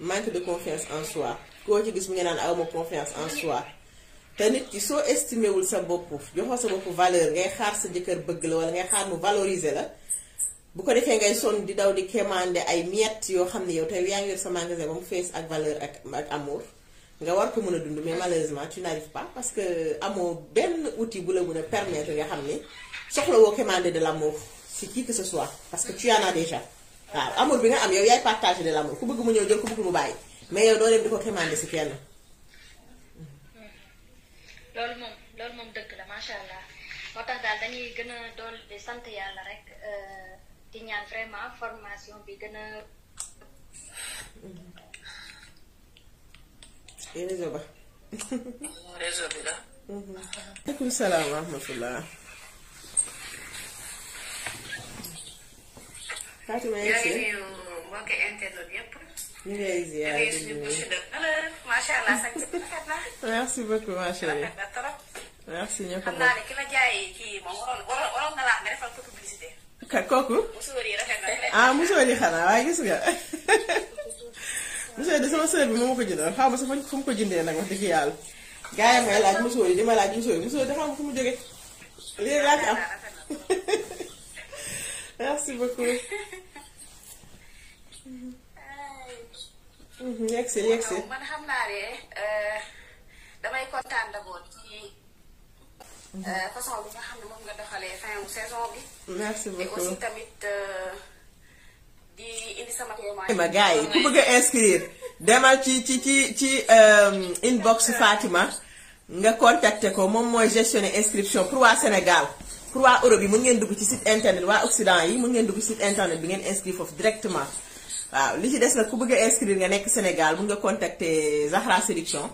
manque de confiance en soi koo ci gis mu ngi naan awma confiance en soi te nit ki soo estimé wul sa bopp joxoo sa bopp valeur ngay xaar sa jëkkër bëgg la wala ngay xaar mu valoriser la bu ko defee ngay son di daw di commandé ay miettes yoo xam ne yow te yaa ngi yor sa magasin ba mu fees ak valeur ak ak amour nga war ko mën a dund mais malheureusement tu n'arrives pas parce que amoo benn outil bu la mën a permettre nga xam ni soxla woo commander de l'amour si qui que ce soit parce que tu en as déjà waaw amour bi nga am yow yaay partager de ku bëgg mu ñëw jël ku bëgg mu bàyyi mais yow doo dem di ko commander si kenn.
Hmm. loolu moom loolu moom dëgg la macha allah moo tax daal dañuy gën a dool di sant yàlla rek euh, di ñaan vraiment formation bi gën a.
réseau ba. réseau waaye gis nga. musóor de sama sœur bi moo ma ko jëndoon xaw ma sa fu mu ko jëndee nag wax dëgg yàlla gars yi may laaj musóor yi di ma laaj musóor yi musóor de xaw ma fu mu jógee léegi laa ci am merci beaucoup. Mhm, xam
naa ne euh, damay kontaan di indi sama témoignage. ma gars yi ku bëgg a inscrire
demal ci ci ci ci euh, inbox Fatima nga contacter ko moom mooy gestionner inscription pour waa Sénégal. pour waa Europe yi mën ngeen dugg ci site internet waa Occident yi mun ngeen dugg site internet bi ngeen inscrire foofu directement waaw li ci des nag ku bëgg a inscrire nga nekk Sénégal mën nga contacter Zahra Séduction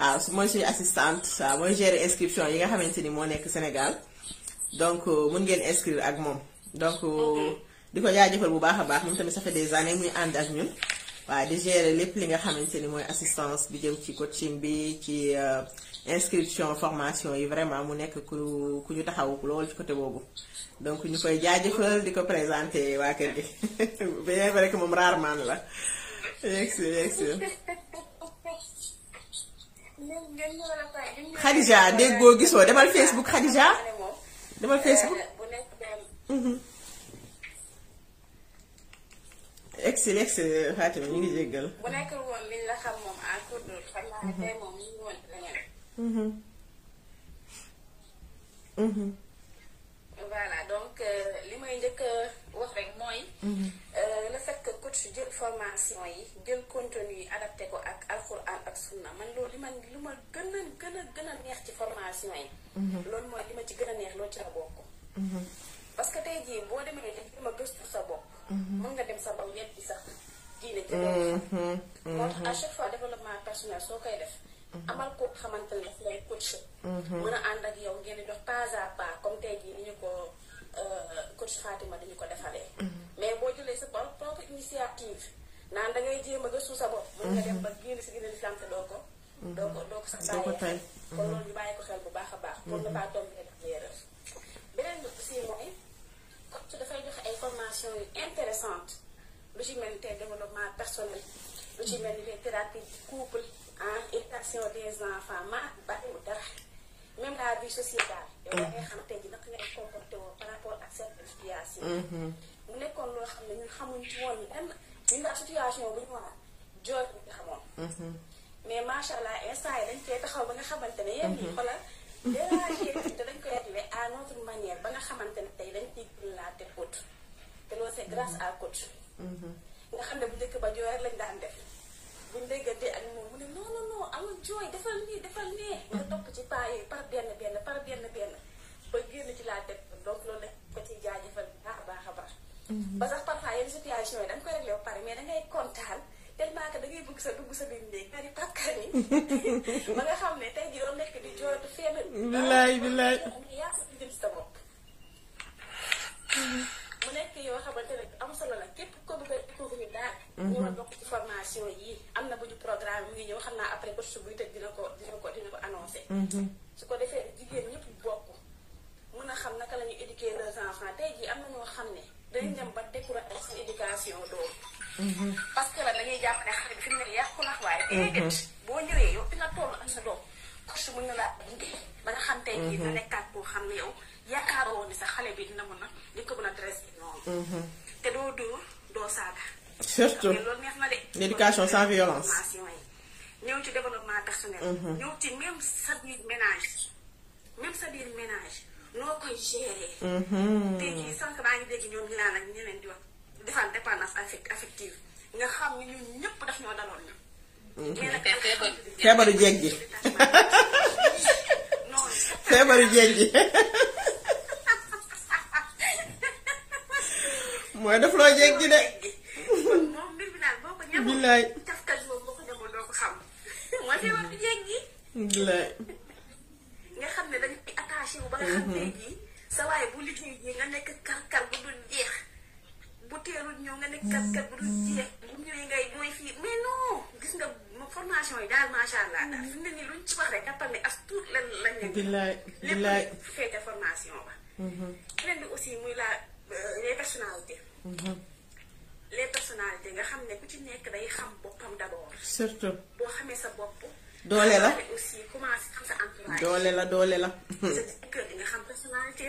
waaw su mooy suñu assistant waaw mooy gérer inscription yi nga xamante ni moo nekk Sénégal donc euh, mën ngeen inscrire ak moom donc. Euh, di ko jaajëfal bu baax a baax moom tamit ça fait des années muy ànd ak ñun waaw di gérer lépp li nga xamante ni mooy assistance bi jëm ci coaching bi ci euh, inscription formation yi vraiment mu nekk ku ku ñu taxaw loolu ci côté boobu donc ñu koy jaajëfal di ko présenter waa kër gi bien vrai que moom rarement la yegg si yegg si
déggoo gisoo demal Facebook Khadija
demal Facebook. Euh, exil exil Fatima ñu ngi jéggal.
bu nekkul woon liñ la xam moom à court xam mhm. naa tey moom ñu ngi woon leneen.
Mhm. Mhm.
voilà donc euh, li may njëkk wax rek mooy. Euh, le fait que coach jël formation yi jël contenu yi adapté ko ak alxuraan ak sunna man loolu li man li ma gën a gën a gën a neex ci formation yi. loolu mooy li ma ci gën a neex loolu ci la bokk. parce que tey jii boo demee dañu ma gëstu sa bopp. Mm-hmm. mën nga dem sa bopp weddi sax diine te doo
mm-hmm. moo tax à mm-hmm.
chaque fois développement personnel soo koy def amal ko xamante ne daf lay coach mën a ànd ak yow ngeen di dox pas à pas comme tey jii ñu ko euh, coach Fatima dañu ko defalee mais boo jëlee sa propre initiative naan da ngay jéem a gëstu sa bopp mën nga dem ba génn si gën a lislaam te doo ko doo ko doo ko sax bàyyi kon loolu ñu bàyyi ko xel bu baax a baax pour ne pas tomber dans l'erreur beneen bi aussi mooy su dafay joxe ay formation intéressante lu ci mel ni développement personnel lu ci mel ni les couple ah éducation des enfants ma bàyyiwul dara même la vie sociétale yow da ngay xam tey ji naka ngay comporté woo par rapport ak certaines mhm. mu nekkoon loo xam ne ñun xamuñ ci woon lenn ñun daal situation bu ñu wax jooy ñu xamoon mhm. mais macha allah instant yi dañ koy taxaw ba nga xamante ne yéen ñi mhm. xoolal déranger dañ koy réglé à notre manière ba nga xamante ne tey dañ ciy laate coach te loolu c'est grâce à coach. nga xam ne bu njëkk ba jooy rek lañ daan def buñ déggantee ak moom mu ne non non non amul jooy defal nii defal nee. nga topp ci paa yi par benn benn par benn benn ba génn ci laa laate donc loolu lañ ko ciy jaajëfal baax a baax a baax. ba sax parfois yenn situation yi dañ koy réglé ba pare mais dangay kontaan. te que da ngay bugg sa dugg sa biir néeg nga di pàkkan yi
ba nga xam
ne tey jii doon nekk di jooytu feebar. bilaay bilaay yaa sa jëm sa bopp. nekk yoo xamante ne am solo la képp ko a mhm. bokk ci formation yi am na bu ñu programme mu ngi ñëw xam naa après coach buy tëj dina ko dina ko dina ko annoncé. Mhm. su ko defee jigéen ñëpp bokk mën a xam naka lañuy ñuy éduquer tey jii am na ñoo xam ne. dañ dem ba décourager seen éducation doom. Mm-hmm. parce que la ñuy jàpp ne xale ne mm-hmm. boo ñëwee yow fi nga toll ak sa doom course mën na ba nga xam tey jii. dina mm-hmm. nekkaat koo xam ne yow yaakaaroo woon ne sa xale bi dina mën na di ko mën a dressé noonu. te doo dóor doo saaga.
surtout loolu
neex na de. l'éducation ñëw ci développement personnel. ñëw ci sa biir ménage même sa biir ménage noo koy gérer. tey jii sànq maa ngi dégg ñoom ñu naan ak ñeneen di wax. defaan dépendance affective nga xam ne ñun ñëpp daf ñoo daloon ñu. Mm-hmm. feebaru jeeg ji
feebaru jeeg ji mooy daf loo jeeg ji de. billaay. billaay.
nga xam ne dañuy attaché ba nga xam ne mm-hmm. ji sa waaye bu liggéey ji nga nekk kar kar bu dul. teelul ñëw nga nekk kat mooy fii mais gis nga mu ne nii luñ ci wax rek appal ne as tuut lan lañ leen.
billaay
billaay
aussi muy la euh, les personnalités. Mhm. les nga xam ne ku ci nekk day xam boppam d'abord. surtout boo xamee sa bopp. doole la aussi commencé doole la
doole la. sa
kër gi nga xam personnalité.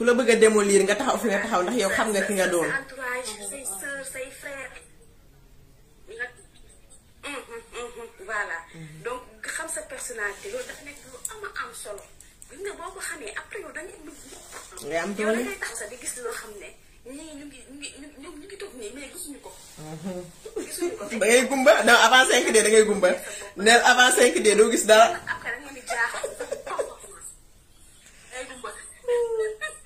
ku la bëgg a démolir nga taxaw fi nga taxaw ndax yow xam nga ki nga doon.
voilà mhm. xam sa personnalité loolu dafa nekk lu am am solo gis nga boo ko xamee après yow da nga am doole yow gis loo xam ne ñii ñu ngi mhm.
da ngay gumba non avant 5D da ngay gumba doo gis dara.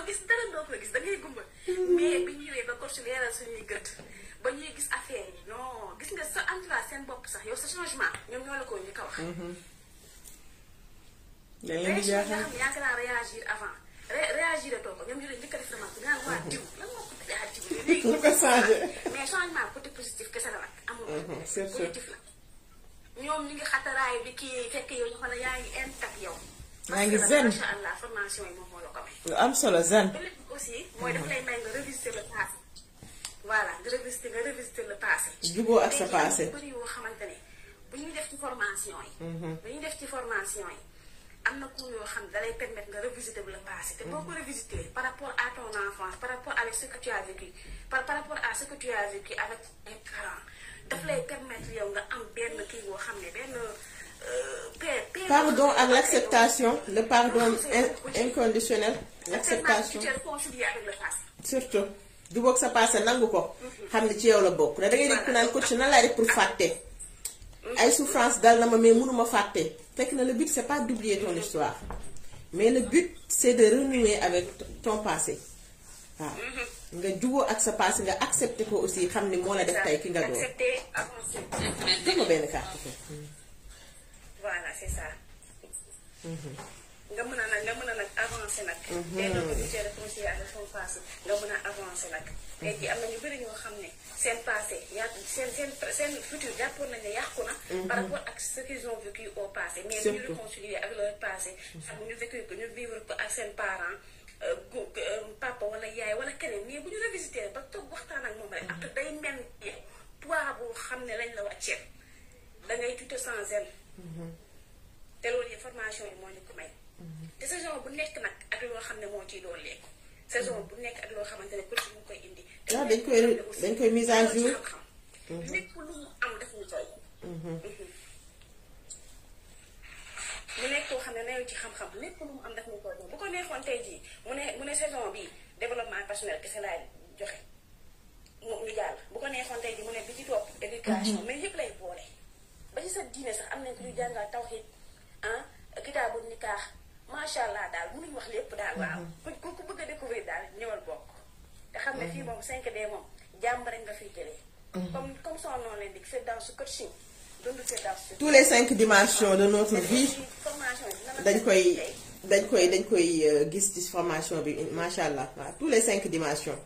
doo gis te doo ko gis da ngay gumba mais bi ñu ñëwee ba coach leeral suñuy gët ba ñuy gis affaire yi non gis nga sa entourage seen bopp sax yow sa changement ñoom ñoo la ko njëkk a wax.
da leen di jaaxal yaa
ngi réagir avant ré réagir too ko ñoom a def semence bi mais changement côté positif kese la nag. amul mm-hmm, positif la. ñoom ñu ngi xataraay bi kii fekk yow.
maa ngi zen macha
allah formation yi moom moo la ko may. lu am solo zen. aussi mooy daf lay may nga revisiter le passé. voilà nga revisiter nga revisiter le passé. juboo ak sa passé bëri yoo xamante ne bu ñuy def ci formation yi. Mhm. bu ñuy def ci formation yi am na cours yoo xam ne da lay permettre nga revisiter le passé. te boo ko mhm. revisiter par rapport à ton enfance par rapport avec ce que tu as par rapport à ce que tu as vécu avec tes parents daf lay permettre yow nga am benn kii boo xam ne benn. pardon
ak l'acceptation le pardon inconditionnel l'acceptation surtout du boog sa passé nangu ko xam ne ci yow la bokk na dangay dégg ku naan coach nan laa def pour fàtte ay souffrance dal na ma mais mënuma fàtte fekk na le but c'est pas d'oublier ton histoire mais le but c'est de renouer avec ton passé waaw nga juboo ak sa passé nga accepté ko aussi xam ni moo la def tey ki nga doon dégg benn carte ko
voilà c' est ça. Mm-hmm. nga mën a nag nga mën nag avancé nag. tey loolu bu jëlee conseiller avec son passé nga mën a avancé nag. Mm-hmm. tey jii na ñu bëri ñoo xam ne seen passé yàqu seen seen seen futur jàppoon nañ ne yàqu na. Mm-hmm. par rapport ak ce au passé. mais ñu réconcilier ak leur ñu vécu ko ñu vivre ko ak seen euh, euh, wala yaay wala keneen mais bu ñu revisité ba toog waxtaan ak moom rek. après day mel ni poids boo xam ne lañ la wàcceel. da ngay tuuti sans te loolu formation yi moo ñu ko may. te saison bu nekk nag ak loo xam ne moo ciy dooleeku. saison bu nekk ak loo xamante ne coach mu koy indi.
te ah, dañ koy dañ koy mise à jour. Mhm. lépp
lu am daf ñu doy. Mhm. Mhm. mu nekk koo xam ne na ci xam-xam lépp lu mu am daf ñu koy bu ko neexoon tey jii mu ne mu ne saison bii développement personnel kese laay joxe mu ñu jàll bu ko neexoon tey jii mu ne bi ci topp éducation mais yëpp lay boole. ba ci sa diine sax am nañ ko ñuy jàngal tawxiid ah kitaabul nikaax macha allah daal bu mënuñ wax lépp daal mm-hmm. waaw. ku ku bëgg a découvrir daal ñëwal bokk. te xam ne fii mm-hmm. moom 5D moom jàmm rek nga fi jëlee. Mm-hmm. comme comme son nom l'indique c'est dans ce coaching dundu tous les cinq
dimension de notre vie. dañ koy dañ koy dañ euh, koy gis ci formation bi macha allah waaw tous les cinq dimensions.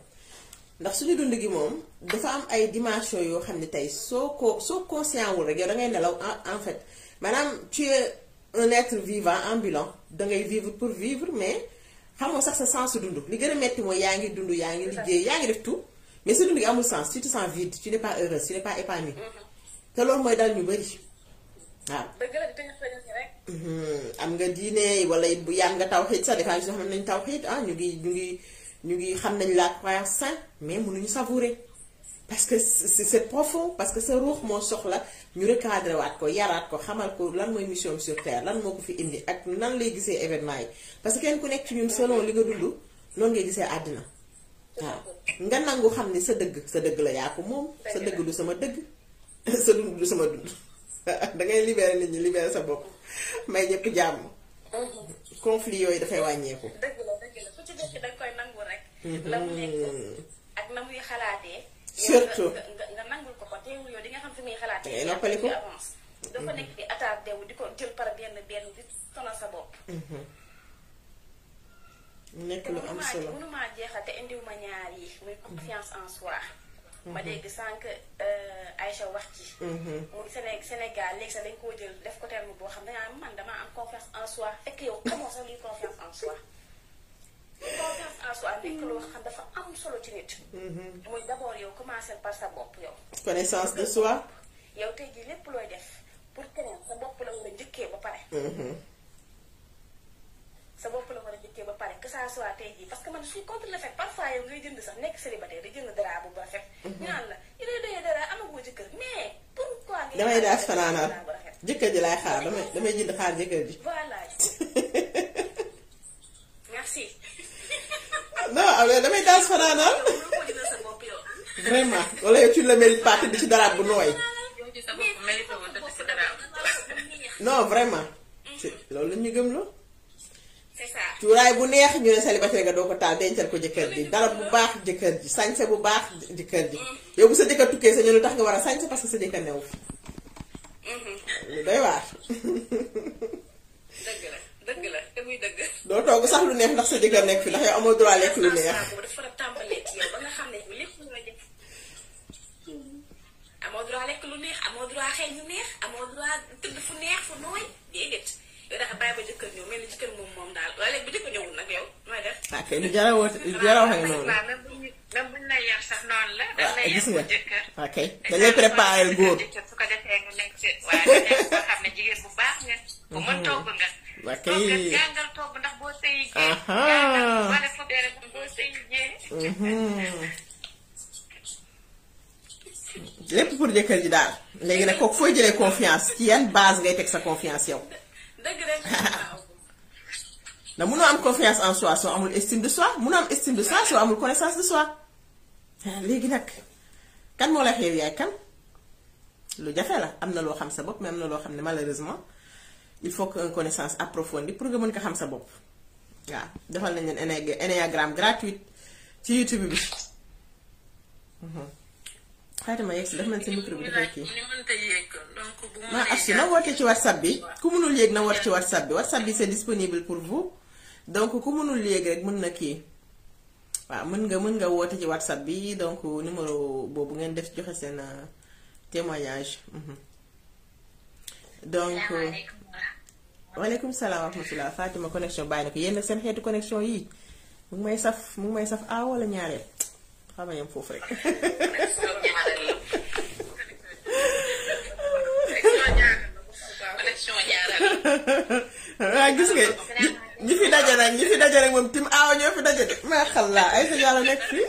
ndax suñu dund gi moom dafa am ay dimension yoo xam ne tey soo ko soo conscient wul rek yow da ngay nelaw en en fait maanaam tu es un être vivant ambulant da ngay vivre pour vivre mais xamoo sax sa sens su dund li gën a metti mooy yaa ngi dund yaa ngi liggéey yaa ngi def tout mais sa dund gi amul sens tu te sens vide tu n'es pas heureuse tu n'es pas épanouie mm-hmm. te loolu mooy dal ñu bëri waaw. Mm-hmm. am nga diine wala yaa nga tawxiit sax des fois ñu xam ne nañ tawxiit ah, ñu ngi ñu ngi xam nañ la croyance sain mais mënuñu savouré parce que c'est profond parce que sa ruux moo soxla ñu recadré waat ko yaraat ko xamal ko lan mooy mission sur terre lan moo ko fi indi ak nan lay gisee événement yi parce que kenn nekk ci ñun selon li nga dund noonu ngay gisee àddina waaw nga nangu xam ni sa dëgg sa dëgg la yaa ko moom sa dëgg du sama dëgg sa dund du sama dund da ngay libérer nit ñu libérer sa bopp may ñëpp jàmm
mm-hmm.
conflit yooyu dafay wàññeeku.
dëgg la dëgg la ku ci nekk da koy nangu
rek. la mu nekk
ak na muy xalaatee. surtout nga nga nangul ko ko teewul yow di nga xam fi muy xalaatee. tey noppaliku avance. dafa mm-hmm. nekk di attaque di ko jël par benn benn di sonal sa bopp.
Mm-hmm. nekk lu am solo te mënumaa mënumaa
jeexal te indiwuma ñaar yi muy confiance en soi. ma dégg sànq euh, Aïcha wax ci. Mm-hmm. mu Séné Sénégal léegi sax dañ koo jël def ko terme boo xam ne ah, man damaa am confiance en soi fekk yow xamoo sax luy confiance en soi. dafa am solo ci nit. Mm-hmm. muy d'abord yow commencé par bopp yow.
connaissance de soi.
yow tey jii lépp looy def pour keneen sa bopp la war a njëkkee ba pare. Mm-hmm. sa bopp la war a njëkkee ba pare que ça soit tey jii parce que man je contre le fait parfois yow ngay jënd sax nekk célibataire di jënd dara damay daal fanaanaan
jëkkër ji laay xaar damay damay jënd xaar jëkkër ji non alors
damay daal fanaanaan
vraiment wala yow tu le mérites pas di ci daraat bu nooy non vraiment loolu la ñu gëm loo cuuraay bu neex ñu ne célibataire nga doo ko taal dencal ko jëkkër ji dara bu baax jëkkër ji sañse bu baax jëkkër ji mm. yow bu sa jëkkër tukkee sa ñu lu tax nga war a sañse parce que sa jëkkër newu li day waar. dëgg la dëgg la te muy dëgg. doo togg sax lu neex ndax sa jëkkër nekk fii ndax yow amoo droit lekk lu neex. dafa
war a tàmbalee ba nga xam ne lépp lu neex. amoo droit lu neex amoo droit xeeñ lu neex amoo droit tëdd fu neex fu nooy déedéet. daa bàyyi ba jëkkër ñëw mel moom moom daal bu jëkkër ñëwul nag yow nooy def.
ah kay lu jar a woote a ah, gis nga waaw ah, kay dañ lay préparé bu
baax nga. bu mën mm-hmm. ndax boo sëyi jee. jàngal boo def fobee
mm-hmm. lépp pour jëkkër ji daal. léegi nag kooku fooy jëlee confiance ci yan base ngay teg sa confiance yow. dëgg ndax mënoo am confiance en soi soo amul estime de soi mënoo am estime de soi soo amul connaissance de soi ah, léegi nag kan moo la xew yaay kan lu jafe la am na loo xam sa bopp mais am na loo xam ne malheureusement il faut que une connaissance approfondie pour nga mën ko xam sa bopp waaw defal nañ leen énéagramme gratuite ci YouTube bi. Mhm. xaaral yegg si dafa mel ni sa micro bi dafay kii. maa Afy na woote ci whatsapp bi ku mënul yéeg na woote ci whatsapp bi whatsapp bi sa disponible pour vous donc ku mënul yéeg rek mën na kii waaw mën nga mën nga woote ci whatsapp bi donc numéro boobu ngeen def joxe seen euh, témoignage. Mhm. donc euh, waaleykum salaam wa rahmatulah Fatima connexion bàyyi na ko yéen seen xeetu connexion yii mu ngi may saf mu ngi may saf aaw wala ñaareel xam foofu rek. waaw gis nga ñi fi daje nag ñi fi daje rek moom tim aaw ñoo fi daje de maa xam laa ay sa yàlla nekk fii.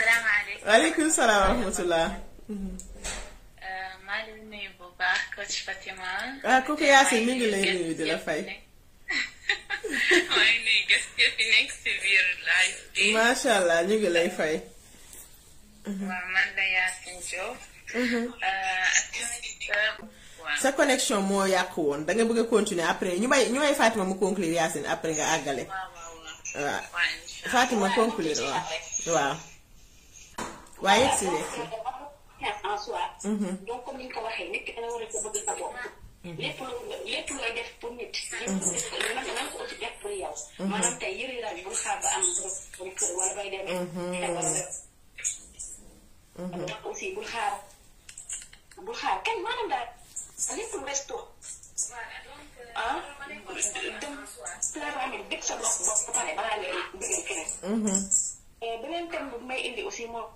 salaamaaleykum
salaam wa rahmatulah.
Euh, maa ngi leen
nuyu ah, ngi lay nuyu di la fay. maa allah ñu ngi lay fay. Mm-hmm.
sa connexion
moo yàqu woon da nga bëgg a continuer après ñu may ñu may Fatima mu conclure Yacine après nga àggale. waaw Fatima conclure waaw waaw. waaw yegg si yegg si.
Mm-hmm. donc comme ni nga ko waxee mm-hmm. def pour nit. bul xaar kañ maanaam daal lépp resto ah dem plaramil dëgg sa bopp bopp ba pare balaa ngay bu may indi aussi moom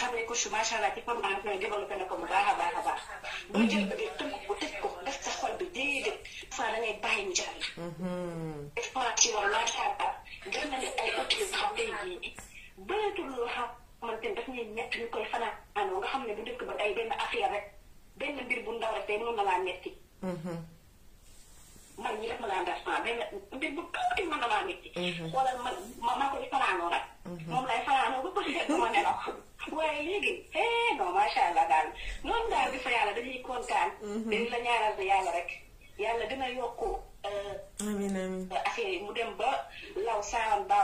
xam ne coach macha allah ci formation yi développé na ko bu baax a baax a baax. bu jël bëggee tënk ko tëj ko def xol bi déedéet. fois da ngay bàyyi mu jàll. des fois ci loolu macha allah gën na ne ay outils yoo xam tey jii bëreetul loo xam. man tamit daf ñuy ko ñu koy fanaanoo nga xam ne bu njëkk ba day benn affaire rek benn mbir bu ndaw rek tey mën na laa metti. Mhm. man ñi def ma laa understand benn mbir bu tuuti mën na laa metti. Mhm. xoolal man ma maa koy fanaanoo rek. Mhm. moom lay fanaanoo ba bëgg rek ma nelaw. waaye léegi eh non macha allah daal noonu a di fa yàlla dañuy kontaan. dañ la ñaaral na yàlla rek yàlla dina yokku. amiin amiin affaire mu de ba nga xam ne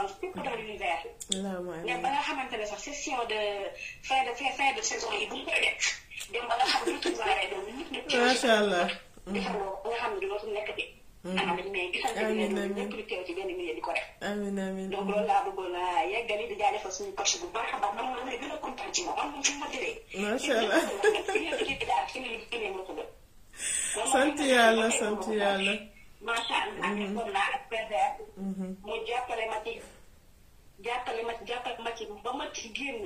tout va allah. defaloo a yeggali
yàlla sant yàlla.
macha allah nekkoon mhm. naa ak PDR. Mhm. mu jàppale ma ci jàppale ma ci jàppale ma ci ba ma ci génn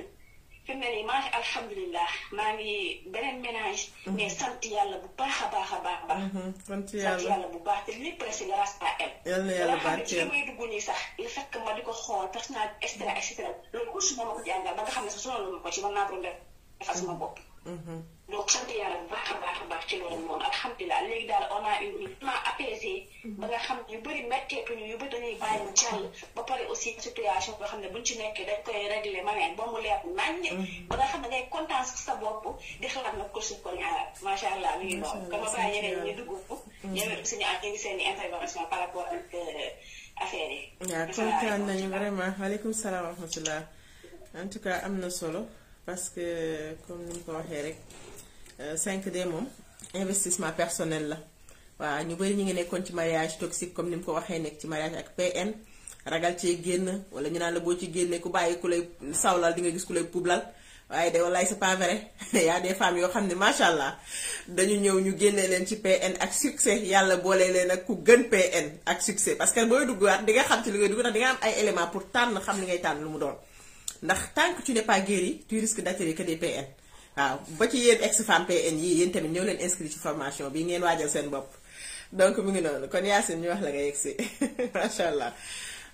fi mu ne nii maa ngi alhamdulilah maa ngi beneen ménage. Mhm. mais sant yàlla bu baax a baax a baax a baax. sant yàlla sant yàlla bu baax te lépp rek si grâce à elle.
yàlla na yàlla baax ci yàlla may
dugg nii sax li fekk ma di ko xool personnel et cetera et cetera loolu aussi moo ma ko jàngal ba nga xam ne sax sonaloon ma ko ci mën naa ko def defal sama bopp. Mm-hmm. donc sant yàlla bu baax a baax a baax ci loolu moom alhamdulilah léegi daal on a une vie vraiment apaisée. Mm-hmm. ba nga xam yu bëri métteetuñu yu bëri dañuy bàyyi ba pare aussi situation boo xam ne buñ ci nekkee dañ koy réglé ma neen ba mu leer naññ. Mm-hmm. ba nga xam ne ngay kontaan sa bopp di xalaat nag ko suuf ko ñaar macha allah mi ngi noonu. kama bàyyi yeneen ñi dugg. ñeneen suñu ak ñu ngi seen intervention par rapport ak euh, affaire yi. waaw kontaan nañu
vraiment maaleykum salaam wa rahmatulah en tout cas am na solo. parce que comme ni mu ko waxee rek euh, cinq d moom investissement personnel la waaw ñu bari ñu ngi nekkoon ci mariage toxique comme ni mu ko waxee nekk ci mariage ak PN ragal cee génn wala ñu naan la boo ci génnee ku bàyyi ku lay sawlal di nga gis ku lay lal waaye de wallaay c'est pas vrai y a des femmes yoo xam ne macha allah dañu ñëw ñu génnee leen ci PN ak succès yàlla boole leen ak ku gën PN ak succès parce que booy duggaat di nga xam ci li ngay dugg ndax pour tànn xam li ngay tànn lu mu doon. ndax tant que tu n'es pas guéri tu risques d'attirer que des PN waaw ba ci yéen ex femme PN yi yéen tamit ñëw leen inscrit ci formation bi ngeen waajal seen bopp donc mu ngi noonu kon Yacine ñu wax la nga yegg si macha allah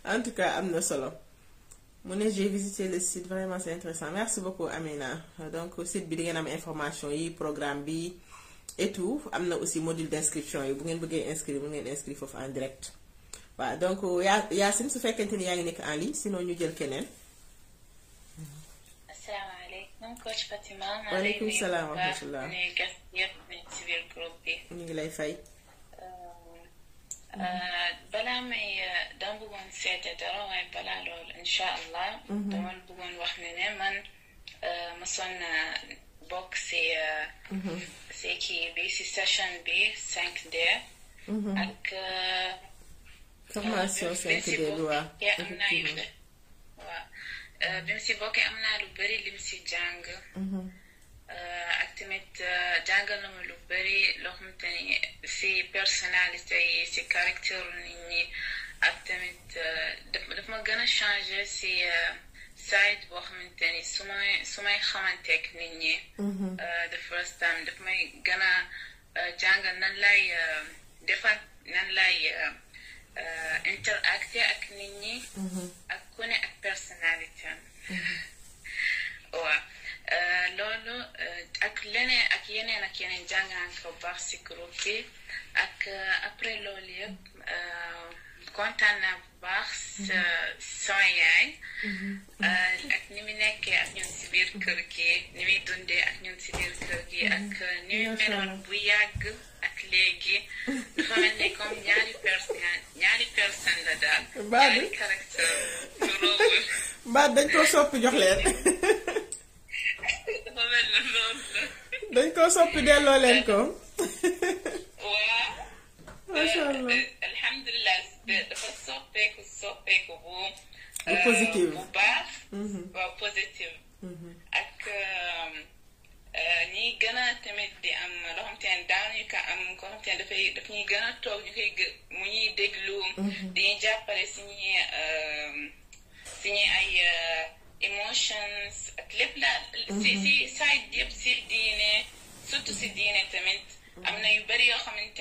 en tout cas am na solo mu ne j'ai visité le site vraiment c'est intéressant merci beaucoup Amina donc site bi di ngeen am information yi programme bi et tout am na aussi module d'inscription yi bu ngeen bëggee inscrire bu ngeen inscrire foofu en direct waaw donc su fekkente ni yaa ngi nekk en ligne sinon ñu jël keneen.
السلام عليكم كوتش فاطمة وعليكم السلام ورحمة الله ñu ngi lay fay balaa may dama bëggoon seete dara waaye balaa loolu incha allah dama bëggoon wax ne ne man ma sonn bi si session bi 5D
ak
formation 5D bi waaw effectivement
bi euh,
mu si bokkee am naa lu bëri lim si jàng. Mhm. Euh, ak tamit euh, jàngal na ma lu bëri loo xamante ni si personnalité yi si caractère nit ñi ak tamit daf ma gën a changé si side boo xamante ni su may su may xamanteek nit ñi. Mhm. the jàngal nan lay defar nan lay. Euh, interacté ak nit ñi. Mhm. ak ku ak personnalité am. Mhm. Euh, loolu euh, ak leneen ak yeneen ak yeneen baax si groupe ak après loolu yëpp kontaan bu baax. sa mhm. son yaay. ak ni mu nekkee ak ñun si biir kër dundee ak ñun si biir ak ni meloon bu yàgg. ak léegi
dafa dañ koo soppi jox leen. dañ koo soppi delloo leen ko.
waaw. macha euh, euh, alhamdulilah euh, dafa soppeeku soppeeku
bu. baax. Mhm.
Mhm. ak. Euh, ñiy gën a tamit di am loo xam te ne am koo xam te ne dafay daf ñuy gën a toog ñu koy mu ñuy déglu. Mm-hmm. dañuy jàppale si ñi euh, si ñi ay euh, emotions ak lépp la. Mm-hmm. si si saa yëpp si diine surtout si diine tamit. Mm-hmm. am na yu bari yoo xamante